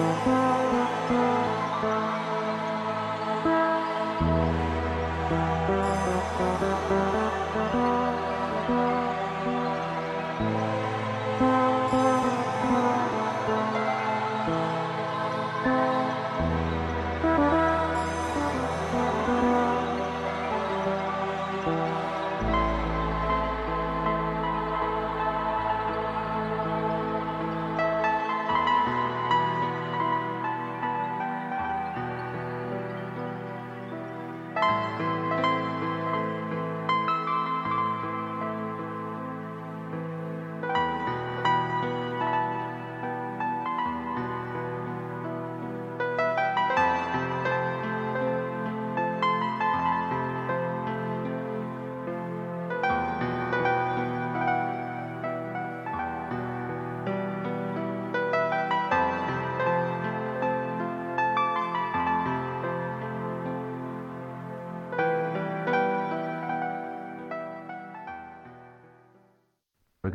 Música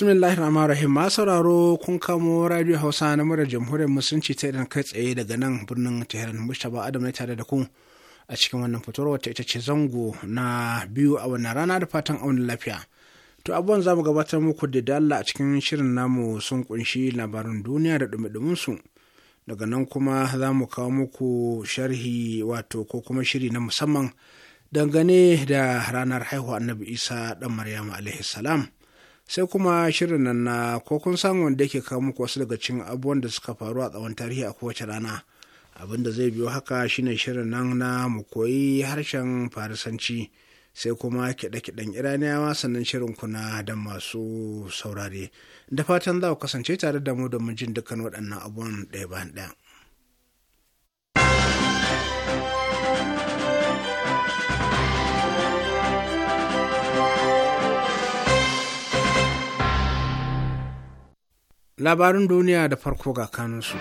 bismillahir rahmanir rahim sauraro kun kamo radio hausa na mura jamhuriyar musulunci ta idan kai tsaye daga nan birnin tehran mustapha adam ne tare da ku a cikin wannan fitowar wata ita ce zango na biyu a wannan rana da fatan aunin lafiya to abubuwan za mu gabatar muku da dalla a cikin shirin namu sun kunshi labarin duniya da dumi su daga nan kuma za mu kawo muku sharhi wato ko kuma shiri na musamman dangane da ranar haihuwa annabi isa dan maryam alaihi salam sai kuma shirin nan na ko kun san wanda yake kawo muku wasu daga cikin abubuwan da suka faru a tsawon tarihi a kowace rana abin da zai biyo haka shine shirin nan na mu koyi harshen farisanci sai kuma kiɗe-kiɗen iraniyawa sannan shirin kuna da masu saurare da fatan za ku kasance tare da mu domin jin dukkan waɗannan abubuwan ɗaya bayan ɗaya labarin duniya da farko ga kanunsu.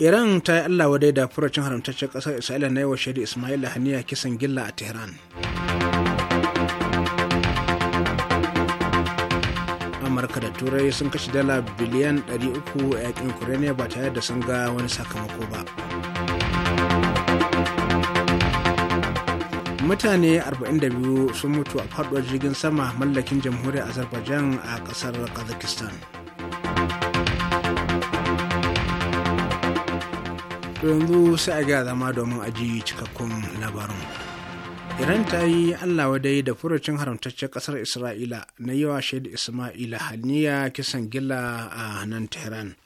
iran ta yi allah wadai da furacin haramtaccen ƙasar isra'ila na yawa shari'a ismaila haniya kisan gilla a tehran amurka da turai sun kashe dala biliyan 300 a yakin ukraine ba tare da sun ga wani sakamako ba mutane 42 sun mutu a faduwar jirgin sama mallakin jamhuriyar azerbaijan a kasar kazakhstan yanzu sai a gaya zama domin aji cikakkun labarin iran ta yi allah wadai da furucin haramtaccen kasar isra'ila na yawa shaida isma'ila haniya kisan gila a nan tehran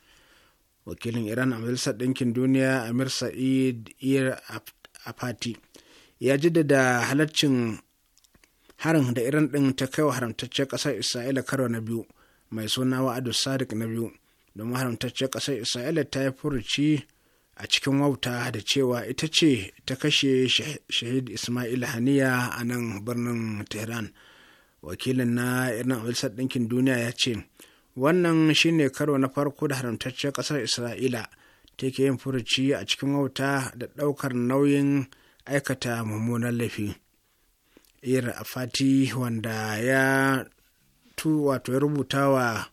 wakilin iran a majalisar ɗinkin duniya amir sa'id ir afati ya jaddada halaccin harin da irin ɗin ta kai wa haramtacciyar ƙasar isra'ila karo na biyu mai suna wa'adu sadiq na biyu domin haramtacciyar ƙasar isra'ila ta yi furuci a cikin wauta da cewa ita ce ta kashe shahid ismail haniya a nan birnin tehran wakilin na irin amsar ɗinkin duniya ya ce wannan shine karo na farko da haramtacciyar ƙasar isra'ila take yin furuci a cikin wauta da ɗaukar nauyin aikata mummunan laifi ira afati wanda ya tu wato ya rubuta wa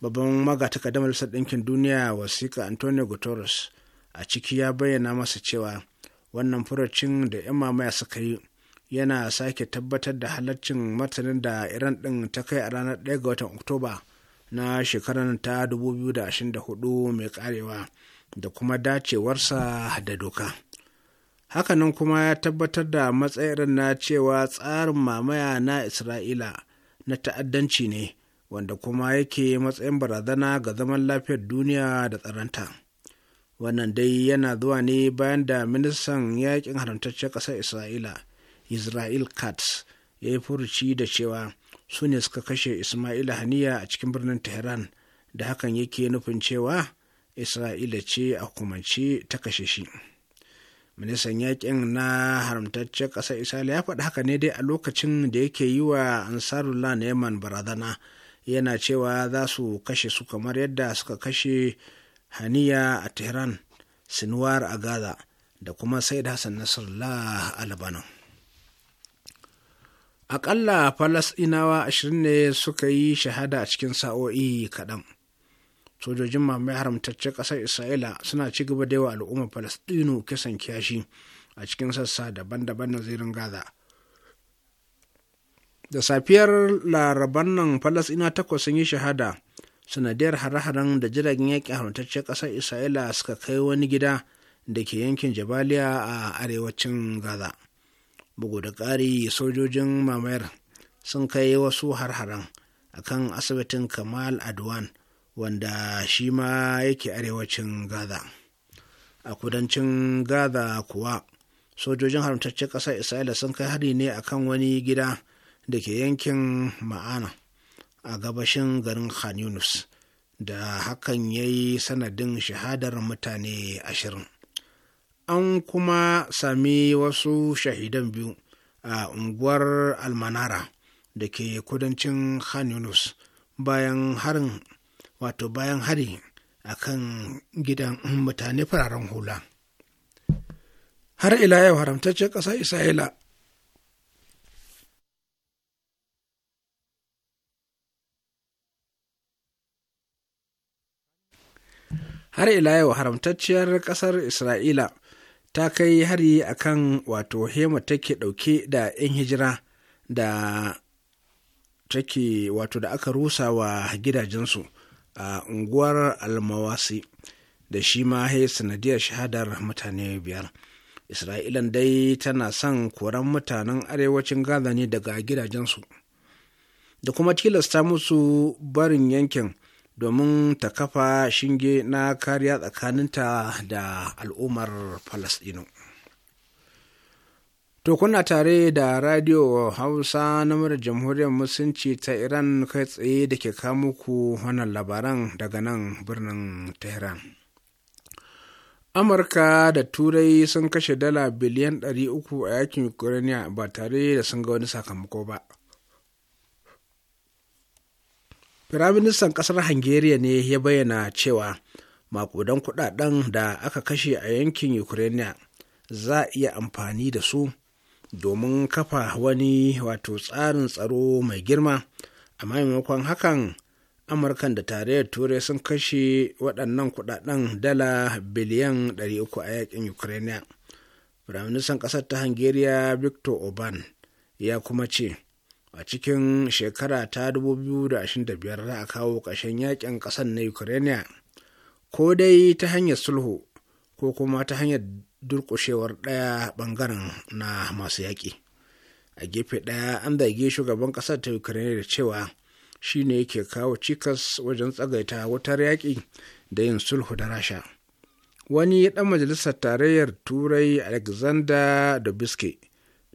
babban magataka da majalisar ɗinkin duniya wasiƙa antonio guterres a ciki ya bayyana masa cewa wannan furacin da 'yan mamaya suka yi yana sake tabbatar da halaccin martanin da iran ɗin ta kai a ranar 1 ga watan oktoba na shekarar ta 2024 mai karewa da kuma dacewarsa da doka. hakanan kuma ya tabbatar da matsayar na cewa tsarin mamaya na isra'ila na ta'addanci ne wanda kuma yake matsayin barazana ga zaman lafiyar duniya da tsaranta. wannan dai yana zuwa ne bayan da ministan yakin haramtaccen ƙasar isra'ila israel katz ya yi furuci da cewa su ne suka kashe ismaila haniya a cikin birnin tehran da hakan yake nufin cewa isra'ila ce a hukumance ta kashe shi. ministan yakin na haramtaccen ƙasar isra'ila ya faɗi haka ne dai a lokacin da yake yi wa ansarullah neman barazana yana cewa za su kashe su kamar yadda suka kashe haniya a tehran sinuwar a gaza da kuma said hassan nasarullah a labanan aƙalla falasɗinawa ashirin ne suka yi shahada a cikin sa'o'i kaɗan sojojin mamaye haramtaccen ƙasar isra'ila suna ci gaba da yawa al'ummar palestino kisan kiyashi a cikin sassa daban-daban na zirin gaza da safiyar laraban nan falasina takwas sun yi shahada sanadiyar hare-haren da jiragen yaƙi haramtaccen ƙasar isra'ila suka kai wani gida da ke yankin jabaliya a arewacin gaza bugu da ƙari sojojin mamayar sun kai wasu har-haren a kan asibitin kamal adwan wanda shi ma yake arewacin gaza a kudancin gaza kuwa sojojin haramtaccen ƙasar isra'ila sun kai hari ne akan wani gida da ke yankin ma'ana a gabashin garin khan yunus da hakan ya yi sanadin shahadar mutane ashirin an kuma sami wasu shahidan biyu a unguwar almanara da ke kudancin khan yunus bayan harin wato bayan hari a kan gidan mutane fararen hula har ila yau haramtaccen isra'ila har ila yau haramtacciyar ƙasar isra'ila ta kai hari akan wato hema take ɗauke da 'yan hijira da take wato da aka rusa wa gidajensu a unguwar almawasi da shi ma ya sanadiyar shahadar mutane biyar isra'ilan dai tana son koran mutanen arewacin gaza ne daga gidajensu da kuma tilasta musu barin yankin domin ta kafa shinge na kariya tsakaninta da al'ummar falasɗinu To kuna tare da Radio Hausa na murar Jamhuriyar Musulunci ta Iran kai tsaye da ke kamo ku wannan labaran daga nan birnin Tehran. Amurka da Turai sun kashe dala biliyan 300 a yakin Ukraine ba tare da sun ga wani sakamako ba. Firaministan ƙasar Hungaria ne ya bayyana cewa makudan kudaden da aka kashe a yankin Ukraine za a iya amfani da su. domin kafa wani wato tsarin tsaro mai girma a maimakon hakan amurkan da tarayyar turai sun kashe waɗannan kudaden dala biliyan 300 a yakin ukraine firaministan ƙasar ta hungariya victor oban ya kuma ce a cikin shekara ta 2025 za a kawo ƙarshen yakin ƙasar na ukraine ko dai ta hanyar sulhu ko kuma ta hanyar durƙushewar ɗaya ɓangaren na masu yaƙi a gefe ɗaya an zage shugaban ƙasar ta ukraine da cewa shi ne yake kawo cikas wajen tsagaita wutar yaƙi da yin sulhu da rasha wani ɗan majalisar tarayyar turai alexander dubiske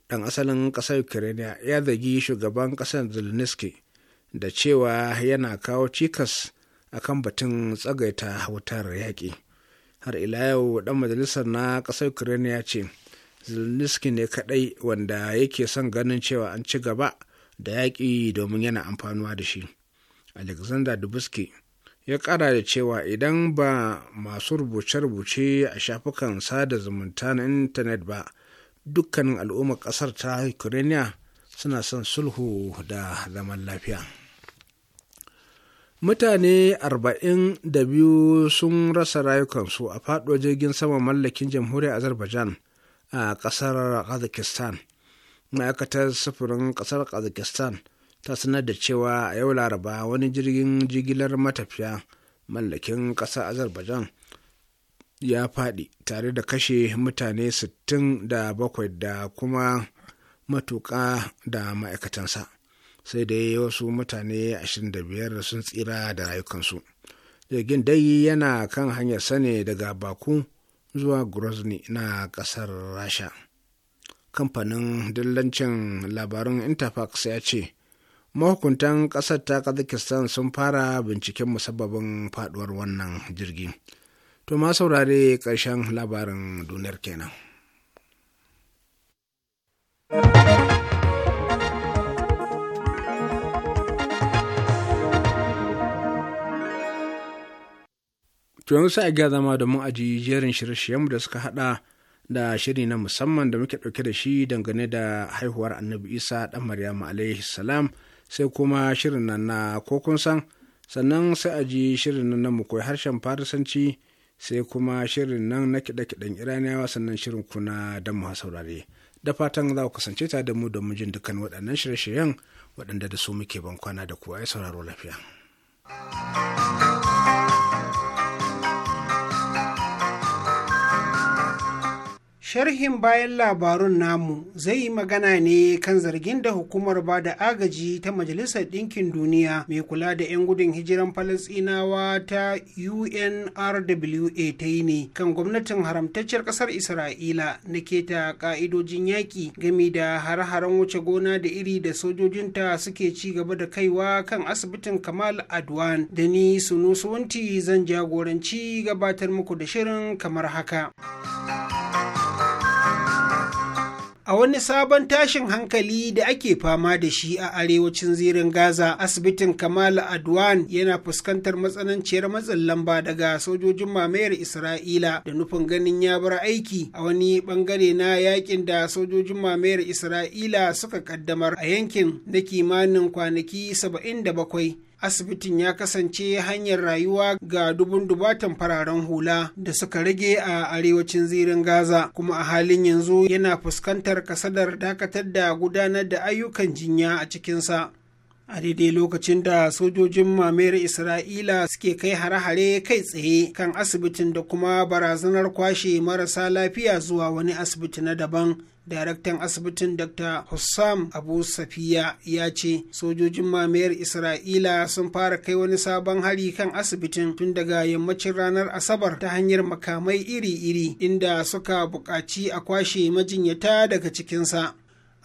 ɗan asalin ƙasar ukraine ya zagi shugaban ƙasar zelensky da cewa yana kawo cikas akan batun tsagaita wutar yaƙi har ila yau dan majalisar na ƙasar ukraine ya ce zelensky ne kaɗai wanda yake son ganin cewa an ci gaba da yaƙi domin yana amfanuwa da shi alexander dubuski ya ƙara da cewa idan ba masu rubuce-rubuce a shafukan sada zumunta na intanet ba dukkanin al'ummar ƙasar ta ukraine suna son sulhu da zaman lafiya. mutane 42 sun rasa rayukansu a faɗo jirgin sama mallakin jamhuriyar azerbaijan a ƙasar kazakistan ma'aikatar sufurin ƙasar kazakistan ta sanar da cewa a yau laraba wani jirgin jigilar matafiya mallakin ƙasar azerbaijan ya faɗi tare da kashe mutane 67 da kuma matuƙa da ma'aikatansa. sai dai wasu mutane 25 sun tsira da rayukansu jirgin dai yana kan hanyar sane daga baku zuwa grozny na kasar rasha kamfanin dillancin labarun interfax ya ce mahukuntan kasar ta kazakistan sun fara binciken musabbabin faduwar wannan jirgi to ma saurare karshen labarin duniyar kenan. to yanzu sai a ga zama domin aji jerin shirye-shiryenmu da suka hada da shiri na musamman da muke ɗauke da shi dangane da haihuwar annabi isa dan maryamu alaihi salam sai kuma shirin nan na kokun san sannan sai a ji shirin nan na mu harshen farisanci sai kuma shirin nan na kiɗe-kiɗen iraniyawa sannan shirin kuna don mu saurare da fatan za ku kasance tare da mu domin jin dukkan waɗannan shirye-shiryen waɗanda da su muke bankwana da kuwa ya sauraro lafiya. Sharhin bayan labarun namu zai yi magana ne kan zargin da hukumar ba da agaji ta Majalisar Ɗinkin Duniya mai kula da 'yan gudun hijiran Falasɗinawa ta UNRWA ta yi ne kan gwamnatin haramtacciyar ƙasar Isra'ila na keta ƙa'idojin yaƙi game da har-haren wuce gona da iri da sojojinta suke ci gaba da kaiwa kan asibitin Kamal Adwan da ni wanti zan jagoranci gabatar muku da shirin kamar haka. a wani sabon tashin hankali da ake fama da shi a arewacin zirin gaza asibitin kamal adwan yana fuskantar matsananciyar matsin lamba daga sojojin mamayar isra'ila da nufin ganin ya bar aiki a wani bangare na yakin da sojojin mamayar isra'ila suka kaddamar a yankin na kimanin kwanaki 77 asibitin ya kasance hanyar rayuwa ga dubun dubatan fararen hula da suka rage a arewacin zirin gaza kuma a halin yanzu yana fuskantar kasadar dakatar da gudanar da ayyukan jinya a cikinsa a daidai lokacin da sojojin mamayar isra'ila suke kai hare-hare kai tsaye kan asibitin da kuma barazanar kwashe marasa lafiya zuwa wani asibiti na daban daraktan asibitin dr hussam abu safiya ya ce sojojin mamayar isra'ila sun fara kai wani sabon hari kan asibitin tun daga yammacin ranar asabar ta hanyar makamai iri-iri inda suka buƙaci a kwashe majinyata daga cikinsa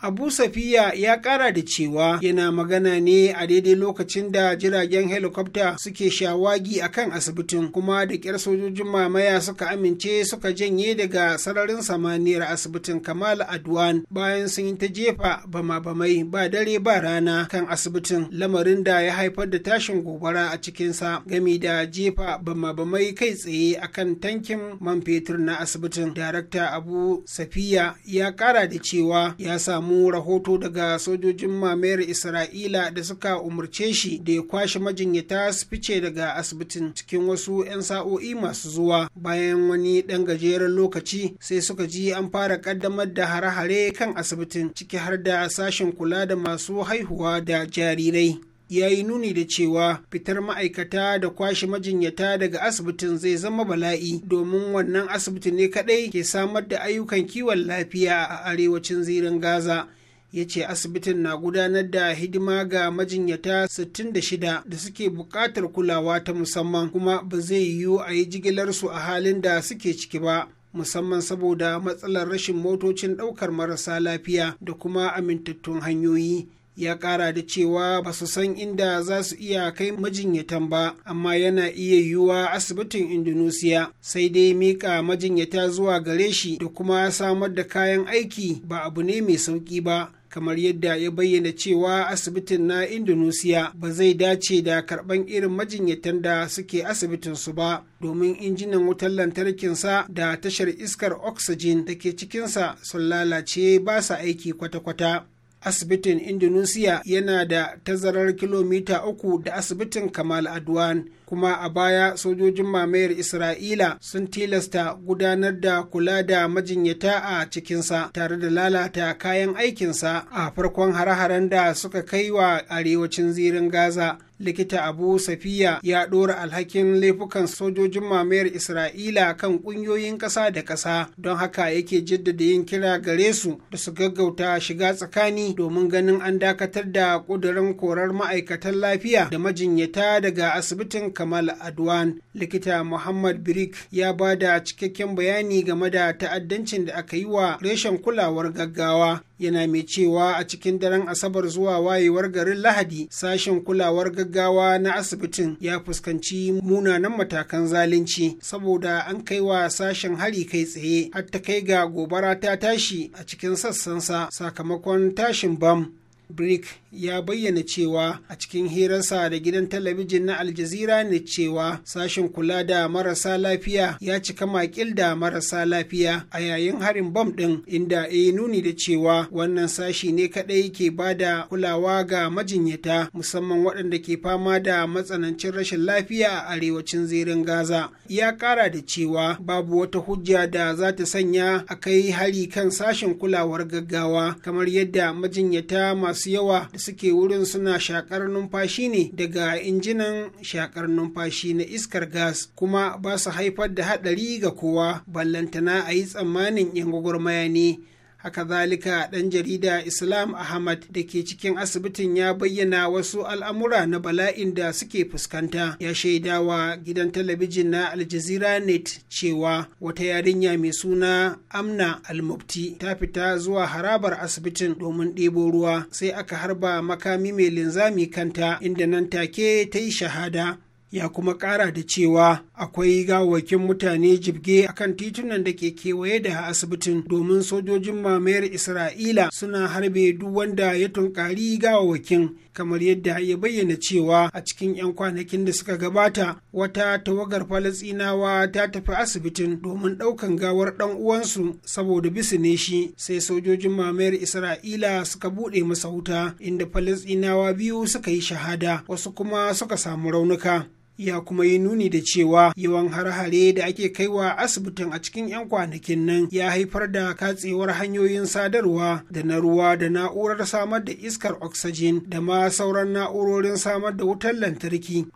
abu safiya ya kara da cewa yana magana ne a daidai lokacin da jiragen helikwafta suke shawagi a kan asibitin kuma da kyar sojojin mamaya suka amince suka janye daga sararin samaniyar asibitin kamal adwan bayan sun yi ta jefa bama-bamai ba dare ba rana kan asibitin lamarin da ya haifar da tashin gobara a cikinsa gami da jefa bama-bamai kai tsaye a kan tankin man fetur na asibitin darakta abu safiya ya kara da cewa ya samu samu rahoto daga sojojin mamayar isra'ila da suka umarce shi da ya kwashe majinyata su fice daga asibitin cikin wasu 'yan sa'o'i masu zuwa bayan wani ɗan gajeren lokaci sai suka ji an fara ƙaddamar da hare-hare kan asibitin ciki har da sashen kula da masu haihuwa da jarirai ya yi nuni da cewa fitar ma'aikata da kwashe majinyata daga asibitin zai zama bala'i domin wannan asibiti ne kadai ke samar da ayyukan kiwon lafiya a arewacin zirin gaza ya ce asibitin na gudanar da hidima ga majinyata 66 da suke buƙatar kulawa ta musamman kuma ba zai yiwu a yi jigilarsu a halin da suke ciki ba musamman saboda matsalar rashin motocin ɗaukar marasa lafiya da kuma amintattun hanyoyi ya kara da cewa ba su san inda za su iya kai majinyatan ba amma yana iya yiwuwa asibitin indonesia sai dai mika majinyata zuwa gare shi da kuma samar da kayan aiki ba abu ne mai sauki ba kamar yadda ya bayyana cewa asibitin na indonesia ba zai dace da karban irin majinyatan da suke asibitinsu ba domin injinan wutar lantarkinsa da tashar iskar oxygen da ke cikinsa sun lalace ba sa aiki kwata-kwata asibitin indonesia yana da tazarar kilomita uku da asibitin kamal adwan kuma a baya sojojin mamayar isra'ila sun tilasta gudanar da kula da majinyata a cikinsa tare da lalata kayan aikinsa a farkon hare-haren da suka kai wa arewacin zirin gaza likita abu safiya ya ɗora alhakin laifukan sojojin mamayar isra'ila kan ƙungiyoyin ƙasa da ƙasa don haka yake jaddada yin kira gare su da su gaggauta shiga tsakani domin ganin an dakatar da ƙudurin korar ma'aikatan lafiya da majinyata daga asibitin kamal adwan likita muhammad birik ya ba da cikakken bayani game da ta'addancin da aka yi wa reshen kulawar gaggawa yana mai cewa a cikin daren asabar zuwa wayewar garin lahadi sashen kulawar gaggawa na asibitin ya fuskanci munanan matakan zalunci saboda an kai wa sashen hari kai tsaye har ta kai ga gobara ta tashi a cikin sassansa sakamakon tashin bam brick ya bayyana cewa a cikin hirarsa da gidan talabijin na aljazira ne cewa sashen kula da marasa lafiya ya cika makil da marasa lafiya a yayin harin bom ɗin inda ya yi nuni da cewa wannan sashi ne kaɗai ke ba da kulawa ga majinyata musamman waɗanda ke fama da matsanancin rashin lafiya a arewacin zirin gaza ya ƙara da cewa babu wata hujja da za ta sanya a kai hari kan sashin kulawar gaggawa kamar yadda majinyata masu yawa suke wurin suna shakar numfashi ne daga injinan shakar numfashi na iskar gas kuma ba su haifar da haɗari ga kowa ballantana a yi tsammanin 'yan gwagwarmaya ne haka zalika ɗan jarida islam ahmad da ke cikin asibitin ya bayyana wasu al'amura na bala'in da suke fuskanta ya shaidawa gidan talabijin na Aljazeera net cewa wata yarinya mai suna amna almubti ta fita zuwa harabar asibitin domin ɗebo ruwa sai aka harba makami mai linzami kanta inda nan take ta yi shahada ya kuma ƙara da cewa akwai gawakin mutane jibge a kan titunan da ke kewaye da asibitin domin sojojin mamayar isra'ila suna harbe duk wanda ya tunkari gawakin kamar yadda ya bayyana cewa a cikin 'yan kwanakin da suka gabata wata tawagar falasinawa ta tafi asibitin domin ɗaukan gawar ɗan uwansu saboda bisu ne shi sai sojojin mamayar isra'ila suka buɗe masa wuta inda falasinawa biyu suka yi shahada wasu kuma suka samu raunuka ya kuma yi nuni da cewa yawan har-hare da ake kaiwa asibitin a cikin 'yan kwanakin nan ya haifar da katsewar hanyoyin sadarwa da na ruwa da na'urar samar da iskar oxygen da ma sauran na'urorin samar da wutar lantarki.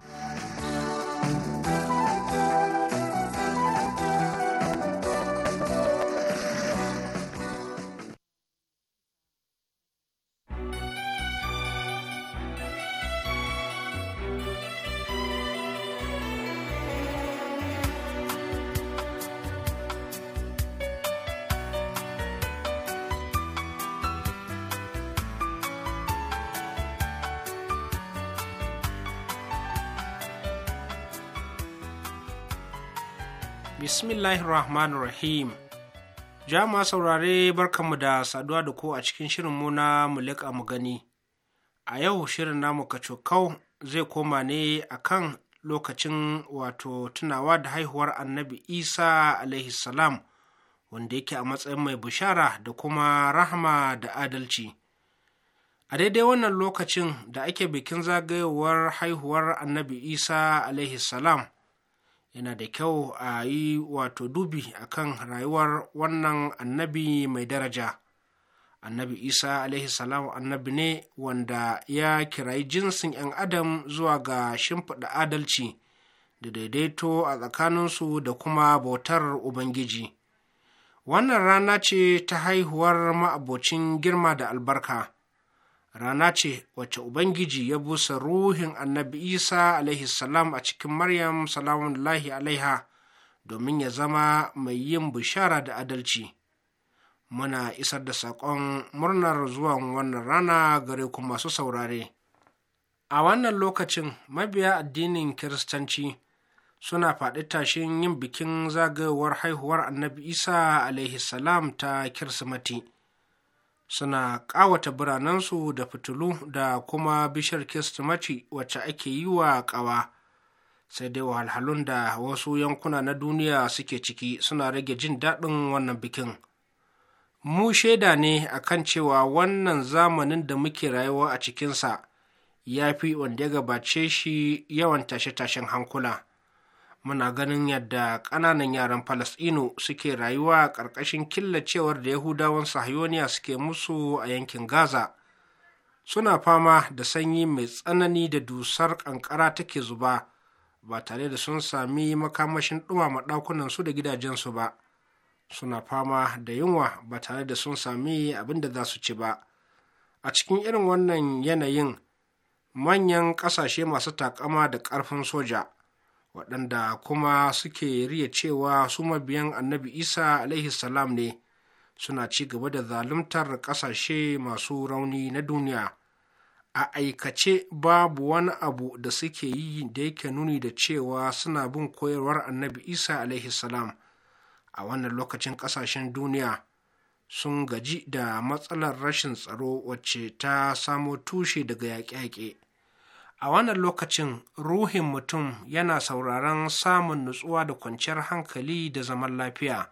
bismillahir rahmanir rahim jama saurare barkanmu da saduwa da ku a cikin shirin mu na mulek mu gani a yau shirin namu kacokau zai koma ne akan lokacin wato tunawa da haihuwar annabi isa alaihi salam wanda yake a matsayin mai bushara da kuma rahama da adalci a daidai wannan lokacin da ake bikin zagayowar haihuwar annabi isa alaihi salam yana da kyau a yi wato dubi a kan rayuwar wannan annabi mai daraja annabi isa alaihi salam annabi ne wanda ya kirayi jinsin 'yan adam zuwa ga shimfiɗa adalci da daidaito a tsakaninsu da kuma bautar ubangiji wannan rana ce ta haihuwar ma'abocin girma da albarka rana ce wacce ubangiji ya busa ruhin annabi isa alaihi salam a cikin maryam lahi alaiha domin ya zama mai yin bishara da adalci muna isar da saƙon murnar zuwan wannan rana gare ku masu saurare a wannan lokacin mabiya addinin kiristanci suna faɗi tashin yin bikin zagayowar haihuwar annabi isa alaihi salam ta kirsimati suna kawata biranensu da fitilu da kuma bishar kistimaci wacce ake yi wa ƙawa sai dai wahalhalun da wasu yankuna na duniya suke ciki suna rage jin daɗin wannan bikin mu shaida ne a kan cewa wannan zamanin da muke rayuwa a cikinsa ya fi wanda ya gabace shi yawan tashe-tashen hankula muna ganin yadda ƙananan yaran falasɗinu suke rayuwa ƙarƙashin killacewar da yahudawan Sahyoniya suke musu a yankin gaza suna fama da sanyi mai tsanani da dusar ƙanƙara take zuba ba tare da sun sami makamashin ɗumama ɗakunansu da gidajensu ba suna fama da yunwa ba tare da sun sami abin da za su ci ba a cikin irin wannan yanayin manyan ƙasashe masu takama da ƙarfin soja waɗanda kuma suke riya cewa su mabiyan annabi isa alaihi salam ne suna ci gaba da zaluntar ƙasashe masu rauni na duniya a aikace babu wani abu da suke yi da yake nuni da cewa suna bin koyarwar annabi isa alaihi salam a wannan lokacin ƙasashen duniya sun gaji da matsalar rashin tsaro wacce ta samo tushe daga yaƙe-yaƙe a wannan lokacin ruhin mutum yana sauraron samun nutsuwa da kwanciyar hankali da zaman lafiya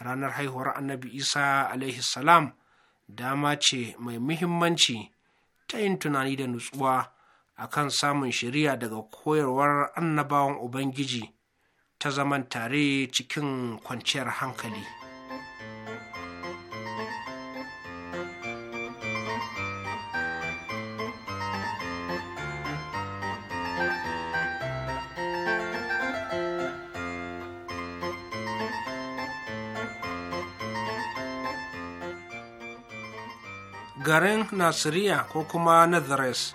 ranar haihuwar annabi isa alaihi salam dama ce mai muhimmanci ta yin tunani da nutsuwa a kan samun shiriya daga koyarwar annabawan ubangiji ta zaman tare cikin kwanciyar hankali. garin nasiriya ko kuma nazares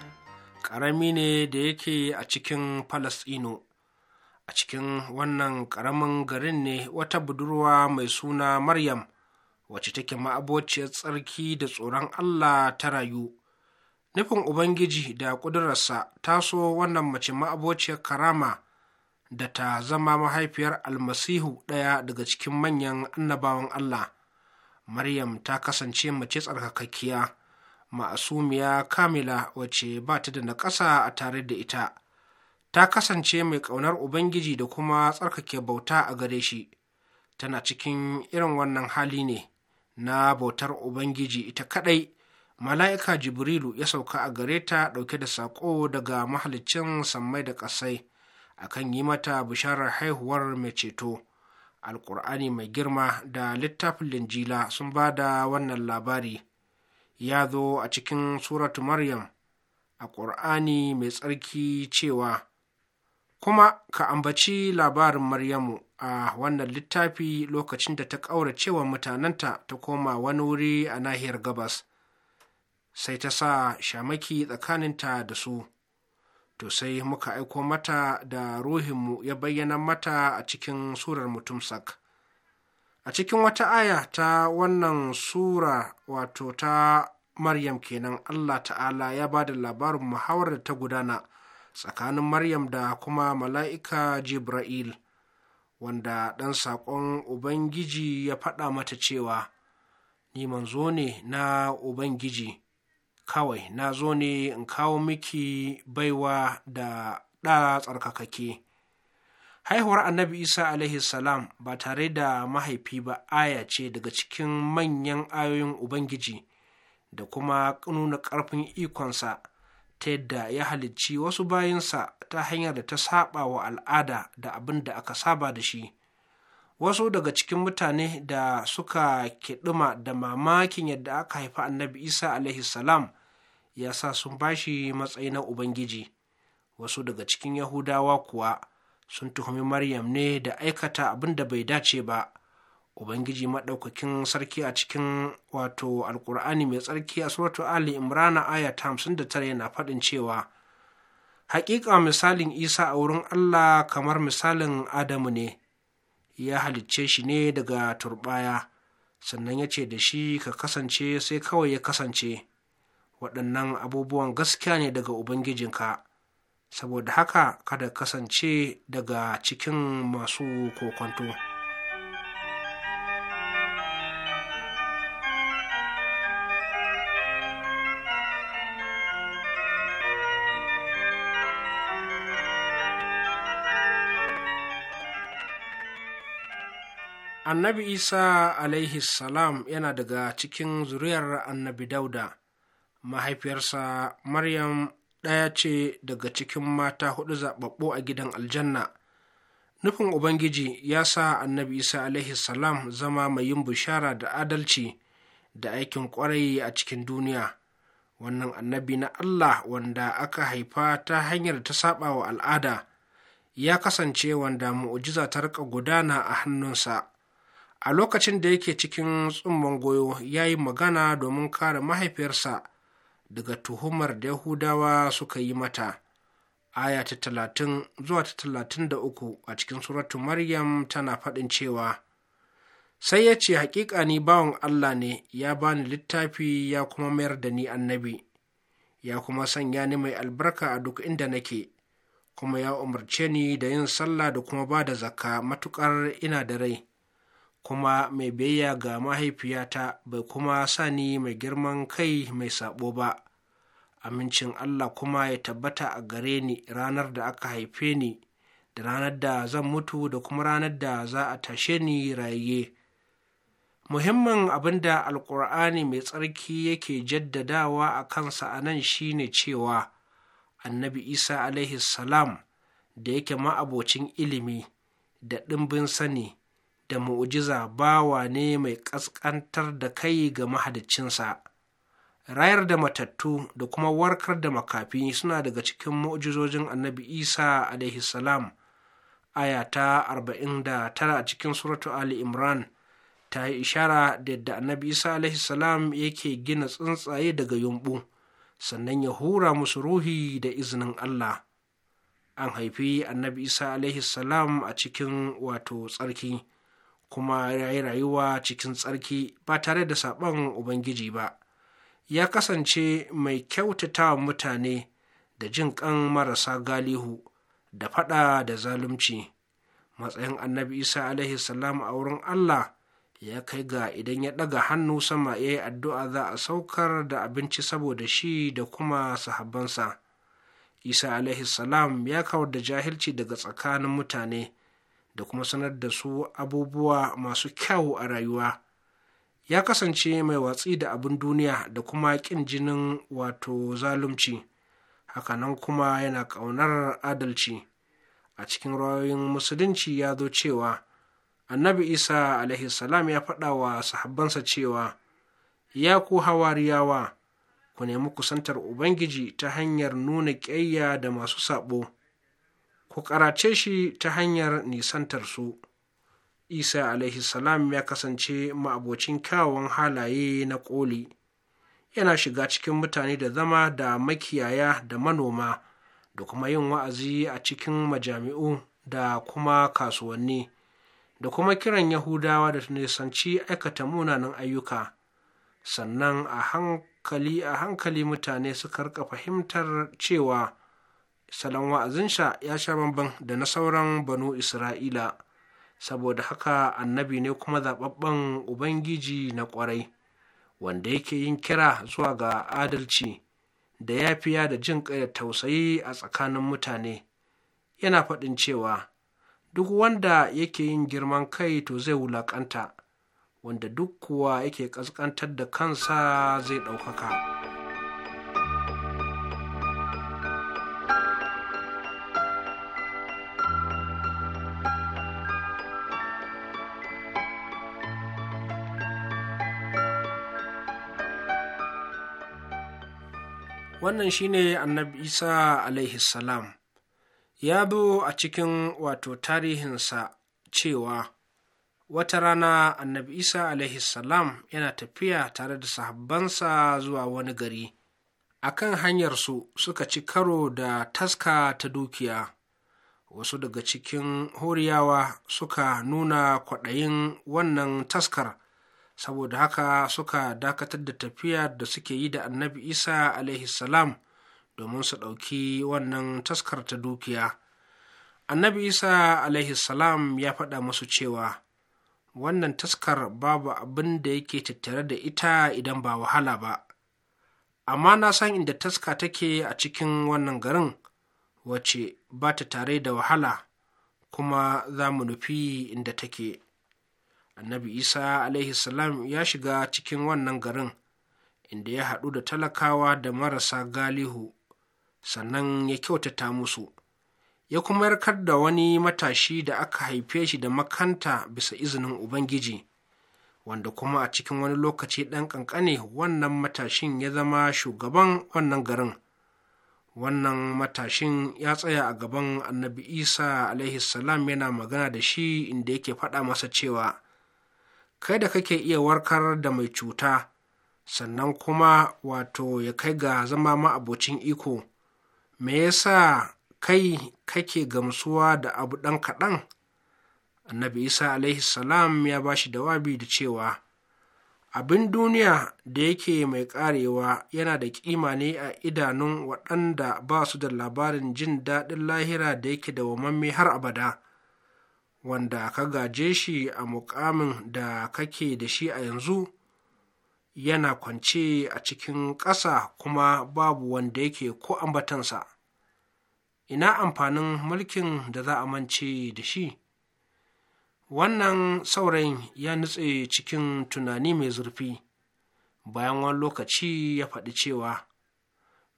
ƙarami ne da yake a cikin Falasɗinu. a cikin wannan ƙaramin garin ne wata budurwa mai suna maryam wacce take ma'abociyar tsarki da tsoron allah ta rayu nufin ubangiji da ƙudurarsa so wannan mace ma'abociyar karama da ta zama mahaifiyar almasihu ɗaya daga cikin manyan annabawan allah maryam ta kasance mace tsarkakakkiya ma'asumiya kamila wace ba ta da naƙasa a tare da ita ta kasance mai ƙaunar ubangiji da kuma tsarkake bauta a gare shi tana cikin irin wannan hali ne na bautar ubangiji ita kaɗai mala'ika jibrilu ya sauka a gare ta ɗauke da saƙo daga mahaliccin sammai da ƙasai akan yi mata bisharar haihuwar mai ceto alƙur'ani mai girma da littafin linjila sun ba da wannan labari ya zo a cikin suratu Maryam a ƙur'ani mai tsarki cewa, Kuma ka ambaci labarin Maryamu a wannan littafi lokacin da ta ƙaura ƙauracewa mutanenta ta koma wani wuri a nahiyar gabas, sai ta sa shamaki tsakaninta da su. To sai muka aiko mata da ruhinmu ya bayyana mata a cikin surar mutum sak a cikin wata aya ta wannan sura wato ta maryam kenan allah ta'ala ya ba da labarin muhawarar da ta gudana tsakanin maryam da kuma mala'ika jibra'il wanda ɗan saƙon ubangiji ya faɗa mata cewa ni manzo ne na ubangiji kawai na zo ne in kawo miki baiwa da ɗa tsarkakake haihuwar annabi isa salam ba tare da mahaifi ba aya ce daga cikin manyan ayoyin ubangiji da kuma nuna ƙarfin ikonsa ta yadda ya halicci wasu bayansa ta hanyar da ta saba wa al'ada da abin da aka saba da shi wasu daga cikin mutane da suka kiɗima da mamakin yadda aka haifi annabi isa alaihi salam ya sa sun bashi matsayi na ubangiji wasu daga cikin yahudawa kuwa sun tuhumi maryam ne da aikata abin da bai dace ba ubangiji maɗaukakin sarki a cikin wato Alƙur'ani mai tsarki a suratu ali imrana aya ta hamsin da tare yana faɗin cewa haƙiƙa misalin isa a wurin allah kamar misalin adamu ne ya halicce shi ne daga turɓaya sannan ya ce da shi ka kasance sai kawai ya kasance waɗannan abubuwan gaskiya ne daga ubangijinka saboda haka kada kasance daga cikin masu kokonto. annabi isa alaihi salam yana daga cikin zuriyar annabi dauda mahaifiyarsa maryam ɗaya ce daga cikin mata hudu zaɓaɓɓu a gidan aljanna nufin ubangiji ya sa annabi isa alaihi salam zama mai yin bishara da adalci da aikin ƙwarai a cikin duniya wannan annabi na allah wanda aka haifa ta hanyar ta saba wa al'ada ya kasance wanda mu'ujiza ta rika gudana a hannunsa a lokacin da yake cikin tsumman goyo ya yi magana domin kare mahaifiyarsa daga tuhumar da yahudawa suka yi mata aya ta talatin zuwa ta talatin da uku a cikin suratu maryam tana faɗin cewa sai ya ce hakika ni bawan allah ne ya bani littafi ya kuma mayar da ni annabi ya kuma sanya ni mai albarka a duk inda nake kuma ya umarce ni da yin sallah da kuma ba da zakka matuƙar ina da rai kuma mai biyayya ga mahaifiyata bai kuma sani mai girman kai mai sabo ba amincin allah kuma ya tabbata a gare ni ranar da aka haife ni da ranar da zan mutu da kuma ranar da za a tashe ni raye muhimmin abin da alkur'ani mai tsarki yake jaddadawa a kansa a nan shine cewa annabi isa alaihi salam da yake ma'abocin ilimi da ɗimbin sani da mu'ujiza bawa ne mai ƙasƙantar da kai ga mahadicinsa rayar da matattu da kuma warkar da makafi suna daga cikin mu'ujizojin annabi isa alaihi salam aya ta tara a cikin suratu ali imran ta yi ishara da yadda annabi isa alaihi salam yake gina tsuntsaye daga yumɓu sannan ya hura musu ruhi da izinin allah an haifi annabi isa alaihi salam a cikin wato tsarki kuma ya yi rayuwa cikin tsarki ba tare da saɓon ubangiji ba ya kasance mai kyautata mutane da jin ƙan marasa galihu da faɗa da zalunci matsayin annabi isa alaihi salam a wurin allah ya kai ga idan ya ɗaga hannu sama ya yi addu'a za a saukar da abinci saboda shi da kuma sahabbansa isa alaihi salam ya kawar da jahilci daga tsakanin mutane da kuma sanar da su abubuwa masu kyawu a rayuwa ya kasance mai watsi da abin duniya da kuma ƙin jinin wato zalunci hakanan kuma yana ƙaunar adalci a cikin rayoyin musulunci ya zo cewa annabi isa salam ya faɗa wa sahabbansa cewa ya ku hawariyawa ku nemi kusantar ubangiji ta hanyar nuna ƙyayya da masu saɓo ku karace shi ta hanyar nisantar su isa alaihi salam ya kasance ma'abocin kyawawan halaye na koli yana shiga cikin mutane da zama da makiyaya da manoma da kuma yin wa'azi a cikin majami'u da kuma kasuwanni da kuma kiran yahudawa da nisanci aikata munanan ayyuka sannan a hankali a hankali mutane suka rika fahimtar cewa salon wa'azinsa ya sha bamban da na sauran banu isra'ila saboda haka annabi ne kuma zaɓaɓɓen ubangiji na ƙwarai wanda yake yin kira zuwa ga adalci da yafiya da jin ƙaya tausayi a tsakanin mutane yana faɗin cewa duk wanda yake yin girman kai to zai wulaƙanta wanda duk kuwa yake ƙasƙantar da kansa zai ɗaukaka. wannan shine annabi isa alaihi salam ya zo a cikin wato tarihinsa cewa wata rana annabi isa alaihi salam yana tafiya tare da sahabbansa zuwa wani gari akan hanyarsu suka ci karo da taska ta dukiya wasu daga cikin horiyawa suka nuna kwaɗayin wannan taskar saboda haka suka dakatar da tafiya da suke yi da annabi isa alaihi salam domin su ɗauki wannan taskar ta dukiya annabi isa alaihi salam ya faɗa musu cewa wannan taskar babu abin da yake tattare da ita idan ba wahala ba amma na san inda taska take a cikin wannan garin wace ba ta tare da wahala kuma za mu nufi inda take annabi isa alaihi salam ya shiga cikin wannan garin inda ya haɗu da talakawa da marasa galihu sannan ya kyautata musu ya kuma yarkar da wani matashi da aka haife shi da makanta bisa izinin ubangiji wanda kuma a cikin wani lokaci ɗan ƙanƙane wannan matashin ya zama shugaban wannan garin wannan matashin ya tsaya a gaban annabi isa alaihi salam yana magana da shi inda yake faɗa masa cewa Kai da kake iya warkar da mai cuta sannan kuma wato ya kai ga zama ma'abocin iko me yasa kai kake gamsuwa da abu ɗan kaɗan annabi isa alaihi salam ya ba shi dawabi da cewa abin duniya da yake mai ƙarewa yana da ƙima ne a idanun waɗanda ba su da labarin jin daɗin lahira da yake dawwammame har abada wanda ka gaje shi a mukamin da kake da shi a yanzu yana kwance a cikin ƙasa kuma babu wanda yake ko ambatansa ina amfanin mulkin da za a mance da shi wannan saurayin ya nutse cikin tunani mai zurfi bayan wani lokaci ya faɗi cewa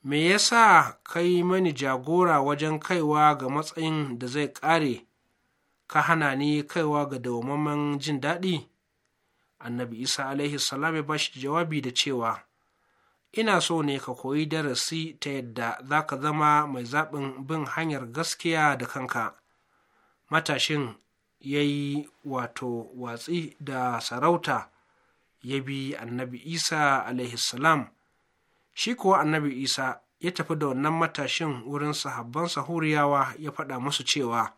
me yasa kai mani jagora wajen kaiwa ga matsayin da zai ƙare ka hana ni kaiwa ga dawwammamen jin daɗi annabi isa alaihi salam ya bashi jawabi da cewa ina so ne ka koyi darasi ta yadda za ka zama mai zaɓin bin hanyar gaskiya da kanka matashin ya yi wato watsi da sarauta ya bi annabi isa salam shi kuwa annabi isa ya tafi da wannan matashin wurin sahabban sahuriyawa ya faɗa musu cewa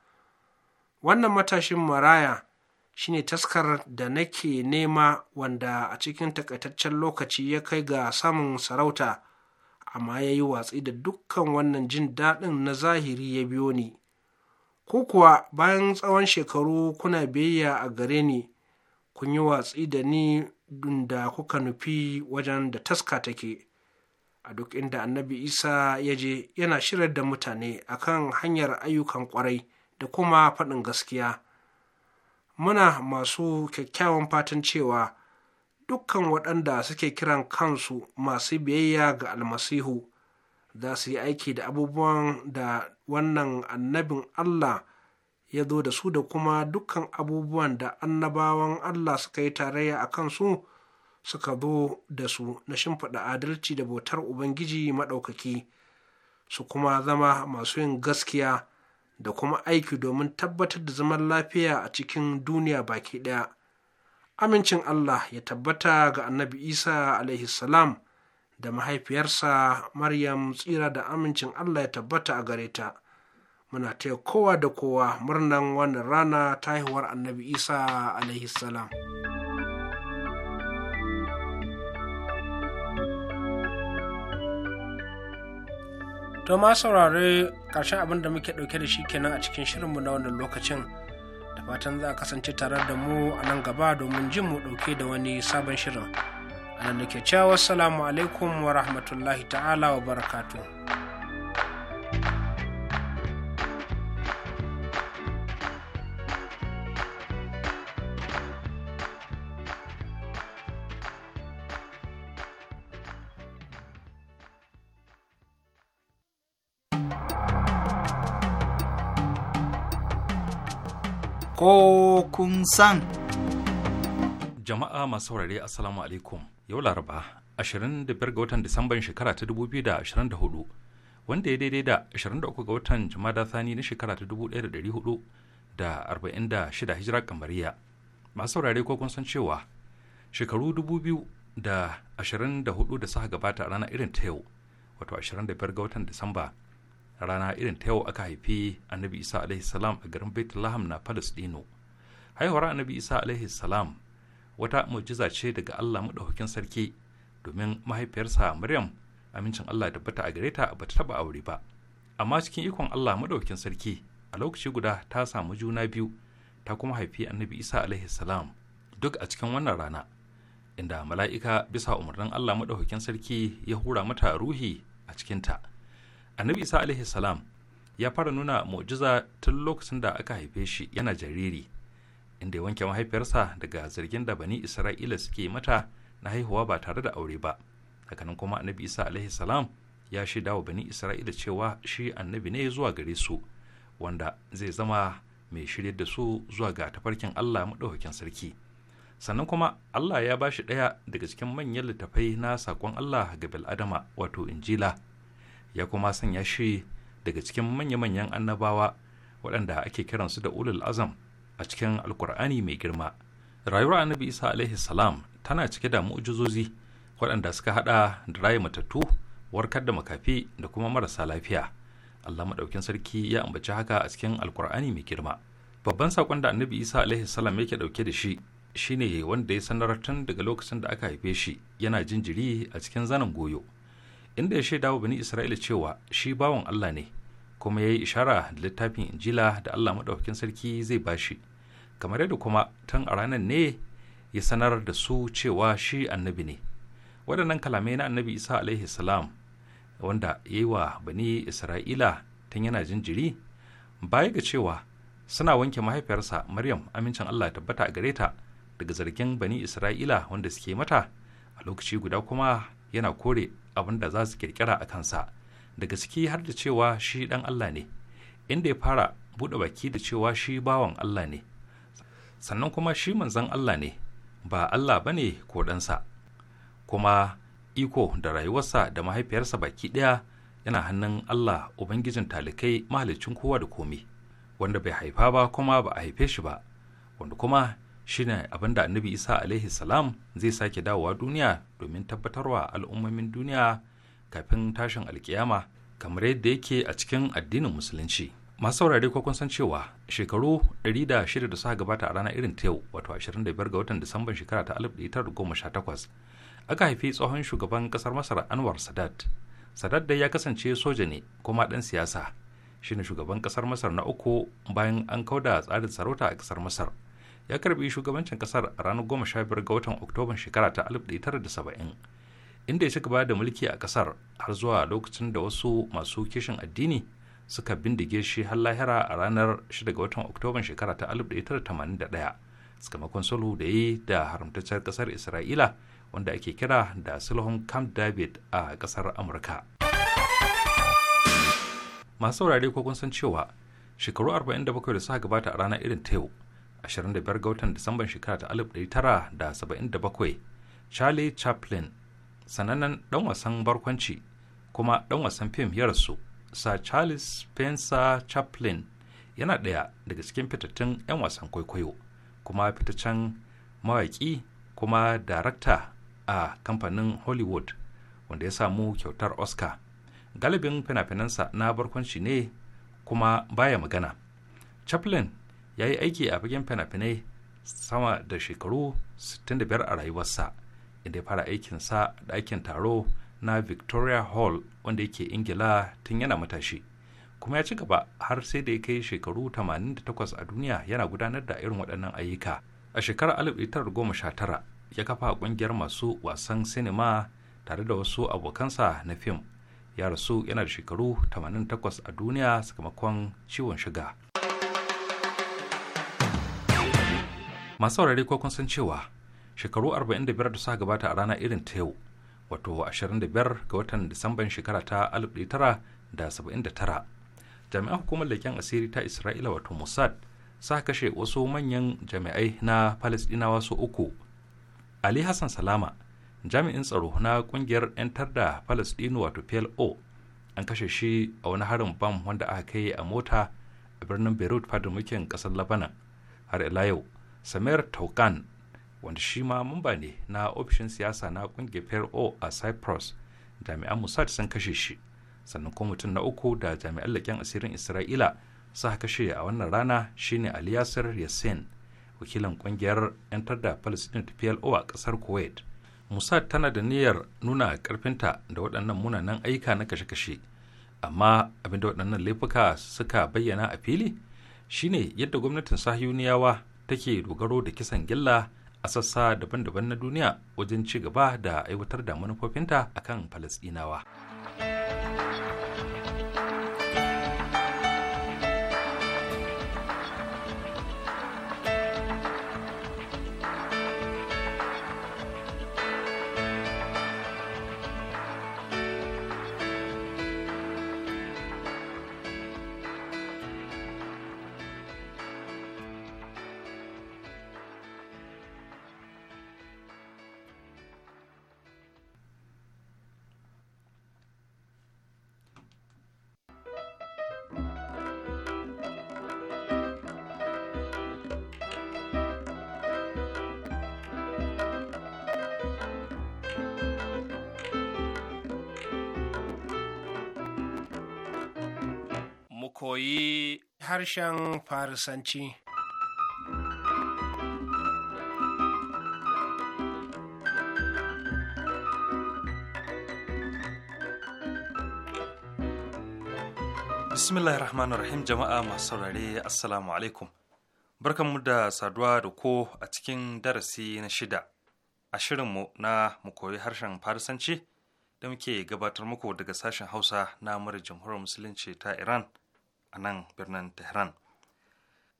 wannan matashin maraya shine taskar da nake nema wanda a cikin takaitaccen lokaci ya kai ga samun sarauta amma ya yi watsi da dukkan wannan jin daɗin na zahiri ya biyo ni ko kuwa bayan tsawon shekaru kuna biyayya a gare ni kun yi watsi da ni da kuka nufi wajen da taska take a duk inda annabi isa ya je yana shirar da mutane akan hanyar ayyukan kwarai da kuma faɗin gaskiya muna masu kyakkyawan fatan cewa dukkan waɗanda suke kiran kansu masu biyayya ga almasihu za su yi aiki da abubuwan da wannan annabin allah ya zo da su da kuma dukkan abubuwan da annabawan allah suka yi tarayya a kansu suka zo da su na shimfiɗa adalci da bautar ubangiji maɗaukaki su kuma zama masu yin gaskiya da kuma aiki domin tabbatar da zaman lafiya a cikin duniya baki ɗaya. Amincin Allah ya tabbata ga annabi Isa alaihi salam da mahaifiyarsa Maryam tsira da amincin Allah ya tabbata a gare ta. Muna taya kowa da kowa murnan wannan rana ta haihuwar annabi Isa alaihi salam. to ma saurare ƙarshen abin da muke ɗauke da shi kenan a cikin shirinmu na wannan lokacin da fatan za a kasance tare da mu a nan gaba domin jin mu ɗauke da wani sabon shirin a nan da ke cewa salamu alaikum wa rahmatullahi ta'ala wa barakatuh ko kun san. Jama'a masu saurare Assalamu alaikum yau Laraba 25 ga watan Disamban shekara ta 2024 wanda ya daidai da 23 ga watan Jumada Thani na shekara ta 1446 hijira kamariya. Masu saurare ko kun san cewa shekaru 2024 da suka gabata a ranar irin ta yau wato 25 ga watan Disamba a rana irin ta yau aka haifi annabi isa alaihi salam a garin bethlehem na palestino haihuwar annabi isa alaihi salam wata mu'jiza ce daga allah maɗaukakin sarki domin mahaifiyarsa maryam amincin allah da bata a gare ta ba ta taɓa aure ba amma cikin ikon allah maɗaukakin sarki a lokaci guda ta samu juna biyu ta kuma haifi annabi isa alaihi salam duk a cikin wannan rana inda mala'ika bisa umarnin allah maɗaukakin sarki ya hura mata ruhi a cikinta. annabi isa alaihi salam ya fara nuna mu'jiza tun lokacin da aka haife shi yana jariri inda ya wanke mahaifiyarsa daga zargin da bani isra'ila suke mata na haihuwa ba tare da aure ba hakanan kuma annabi isa alaihi salam ya shaida wa bani isra'ila cewa shi annabi ne zuwa gare su wanda zai zama mai shiryar da su zuwa ga tafarkin allah maɗaukakin sarki sannan kuma allah ya bashi shi ɗaya daga cikin manyan littafai na sakon allah ga bil'adama wato injila ya kuma sanya shi daga cikin manya-manyan annabawa waɗanda ake kiransu da ulul azam a cikin alkur'ani mai girma rayuwar annabi isa alaihi salam tana cike da mu'jizozi waɗanda suka haɗa da raye matattu warkar da makafi da kuma marasa lafiya allah maɗaukin sarki ya ambaci haka a cikin alkur'ani mai girma babban saƙon da annabi isa alaihi salam yake ɗauke da shi shine wanda ya sanar tun daga lokacin da aka haife shi yana jinjiri a cikin zanen goyo inda ya shaidawa bani isra'ila cewa shi bawan allah ne kuma ya yi ishara da littafin injila da allah maɗaukakin sarki zai bashi kamar yadda kuma tun a ranar ne ya sanar da su cewa shi annabi ne waɗannan kalamai na annabi isa alaihi salam wanda ya yi wa bani isra'ila tun yana jinjiri baya ga cewa suna wanke mahaifiyarsa maryam amincin allah tabbata a gare ta daga zargin bani isra'ila wanda suke mata a lokaci guda kuma yana kore abin da za su kirkira a kansa daga ciki har da cewa shi dan Allah ne inda ya fara buɗe baki da cewa shi bawan Allah ne sannan kuma shi manzan Allah ne ba Allah bane ne ko ɗansa kuma iko da rayuwarsa da mahaifiyarsa baki ɗaya yana hannun Allah Ubangijin talikai mahalicin kowa da komi wanda bai haifa ba kuma ba a haife shi ba wanda kuma shine abinda annabi isa alaihi salam zai sake dawowa duniya domin tabbatarwa al'ummomin duniya kafin tashin alkiyama kamar yadda yake a cikin addinin musulunci masu saurare ko kun san cewa shekaru 106 da suka gabata a ranar irin ta yau wato 25 ga watan disamban shekara ta 1918 aka haifi tsohon shugaban kasar masar anwar sadat sadat dai ya kasance soja ne kuma dan siyasa shine shugaban kasar masar na uku bayan an kauda tsarin sarauta a kasar masar ya karbi shugabancin kasar a ranar 15 ga watan oktoban shekara ta 1970 inda ya ci gaba da mulki a kasar har zuwa lokacin da wasu masu kishin addini suka bindige shi har lahira a ranar 6 ga watan oktoban shekara ta 1981 sakamakon sulhu da yi da haramtacciyar kasar isra'ila wanda ake kira da sulhun camp david a kasar amurka masu saurare ko kun san cewa shekaru 47 da suka gabata a ranar irin ta yau 25 ga watan disamban shekara ta 1977 charlie chaplin sanannen ɗan wasan barkwanci kuma ɗan wasan fim ya rasu sir charles spencer chaplin yana ɗaya daga cikin fitattun 'yan wasan kwaikwayo kuma fitaccen mawaƙi kuma darakta a kamfanin hollywood wanda ya samu kyautar oscar galibin fina-finansa na barkwanci ne kuma baya magana chaplin ya yi aiki a fagen fina-finai sama da shekaru 65 a rayuwarsa inda ya fara aikinsa a ɗakin taro na victoria hall wanda yake ingila tun yana matashi kuma ya ci gaba har sai da ya kai shekaru 88 a duniya yana gudanar da irin waɗannan ayyuka a shekarar 1919 ya kafa ƙungiyar masu wasan sinima tare da wasu abokansa na fim ya rasu yana da shekaru 88 a duniya sakamakon ciwon shiga. masu saurare ko kun san cewa shekaru 45 da suka gabata a rana irin ta yau wato 25 ga watan disamban shekara ta 1979 jami'an hukumar leken asiri ta isra'ila wato mossad sa kashe wasu manyan jami'ai na palestinawa su uku ali hassan salama jami'in tsaro na kungiyar 'yantar da palestino wato plo an kashe shi a wani harin bam wanda aka kai a mota a birnin beirut fadar mukin kasar labanan har ila yau samir taukan wanda shi ma mamba ne na ofishin siyasa na kungiyar PRO a Cyprus jami'an musad sun kashe shi sannan kuma mutum na uku da jami'an laƙen asirin Isra'ila suka kashe a wannan rana shine Ali Yasir Yassin wakilan kungiyar 'yantar da Palestine ta PLO a kasar Kuwait. musad tana da niyyar nuna karfinta da waɗannan munanan aika na kashe-kashe amma abinda waɗannan laifuka suka bayyana a fili shine yadda gwamnatin sahiyuniyawa take dogaro da kisan gilla a sassa daban-daban na duniya wajen ci gaba da aiwatar da manufofinta akan falasɗinawa. harshen farisanci bismillahir rahmanir rahim jama'a masu saurare assalamu alaikum mu da saduwa da ko a cikin darasi na shida a shirinmu na mu koyi harshen farisanci da muke gabatar muku daga sashen hausa na mara jamhuriyar musulunci ta iran a nan birnin tehran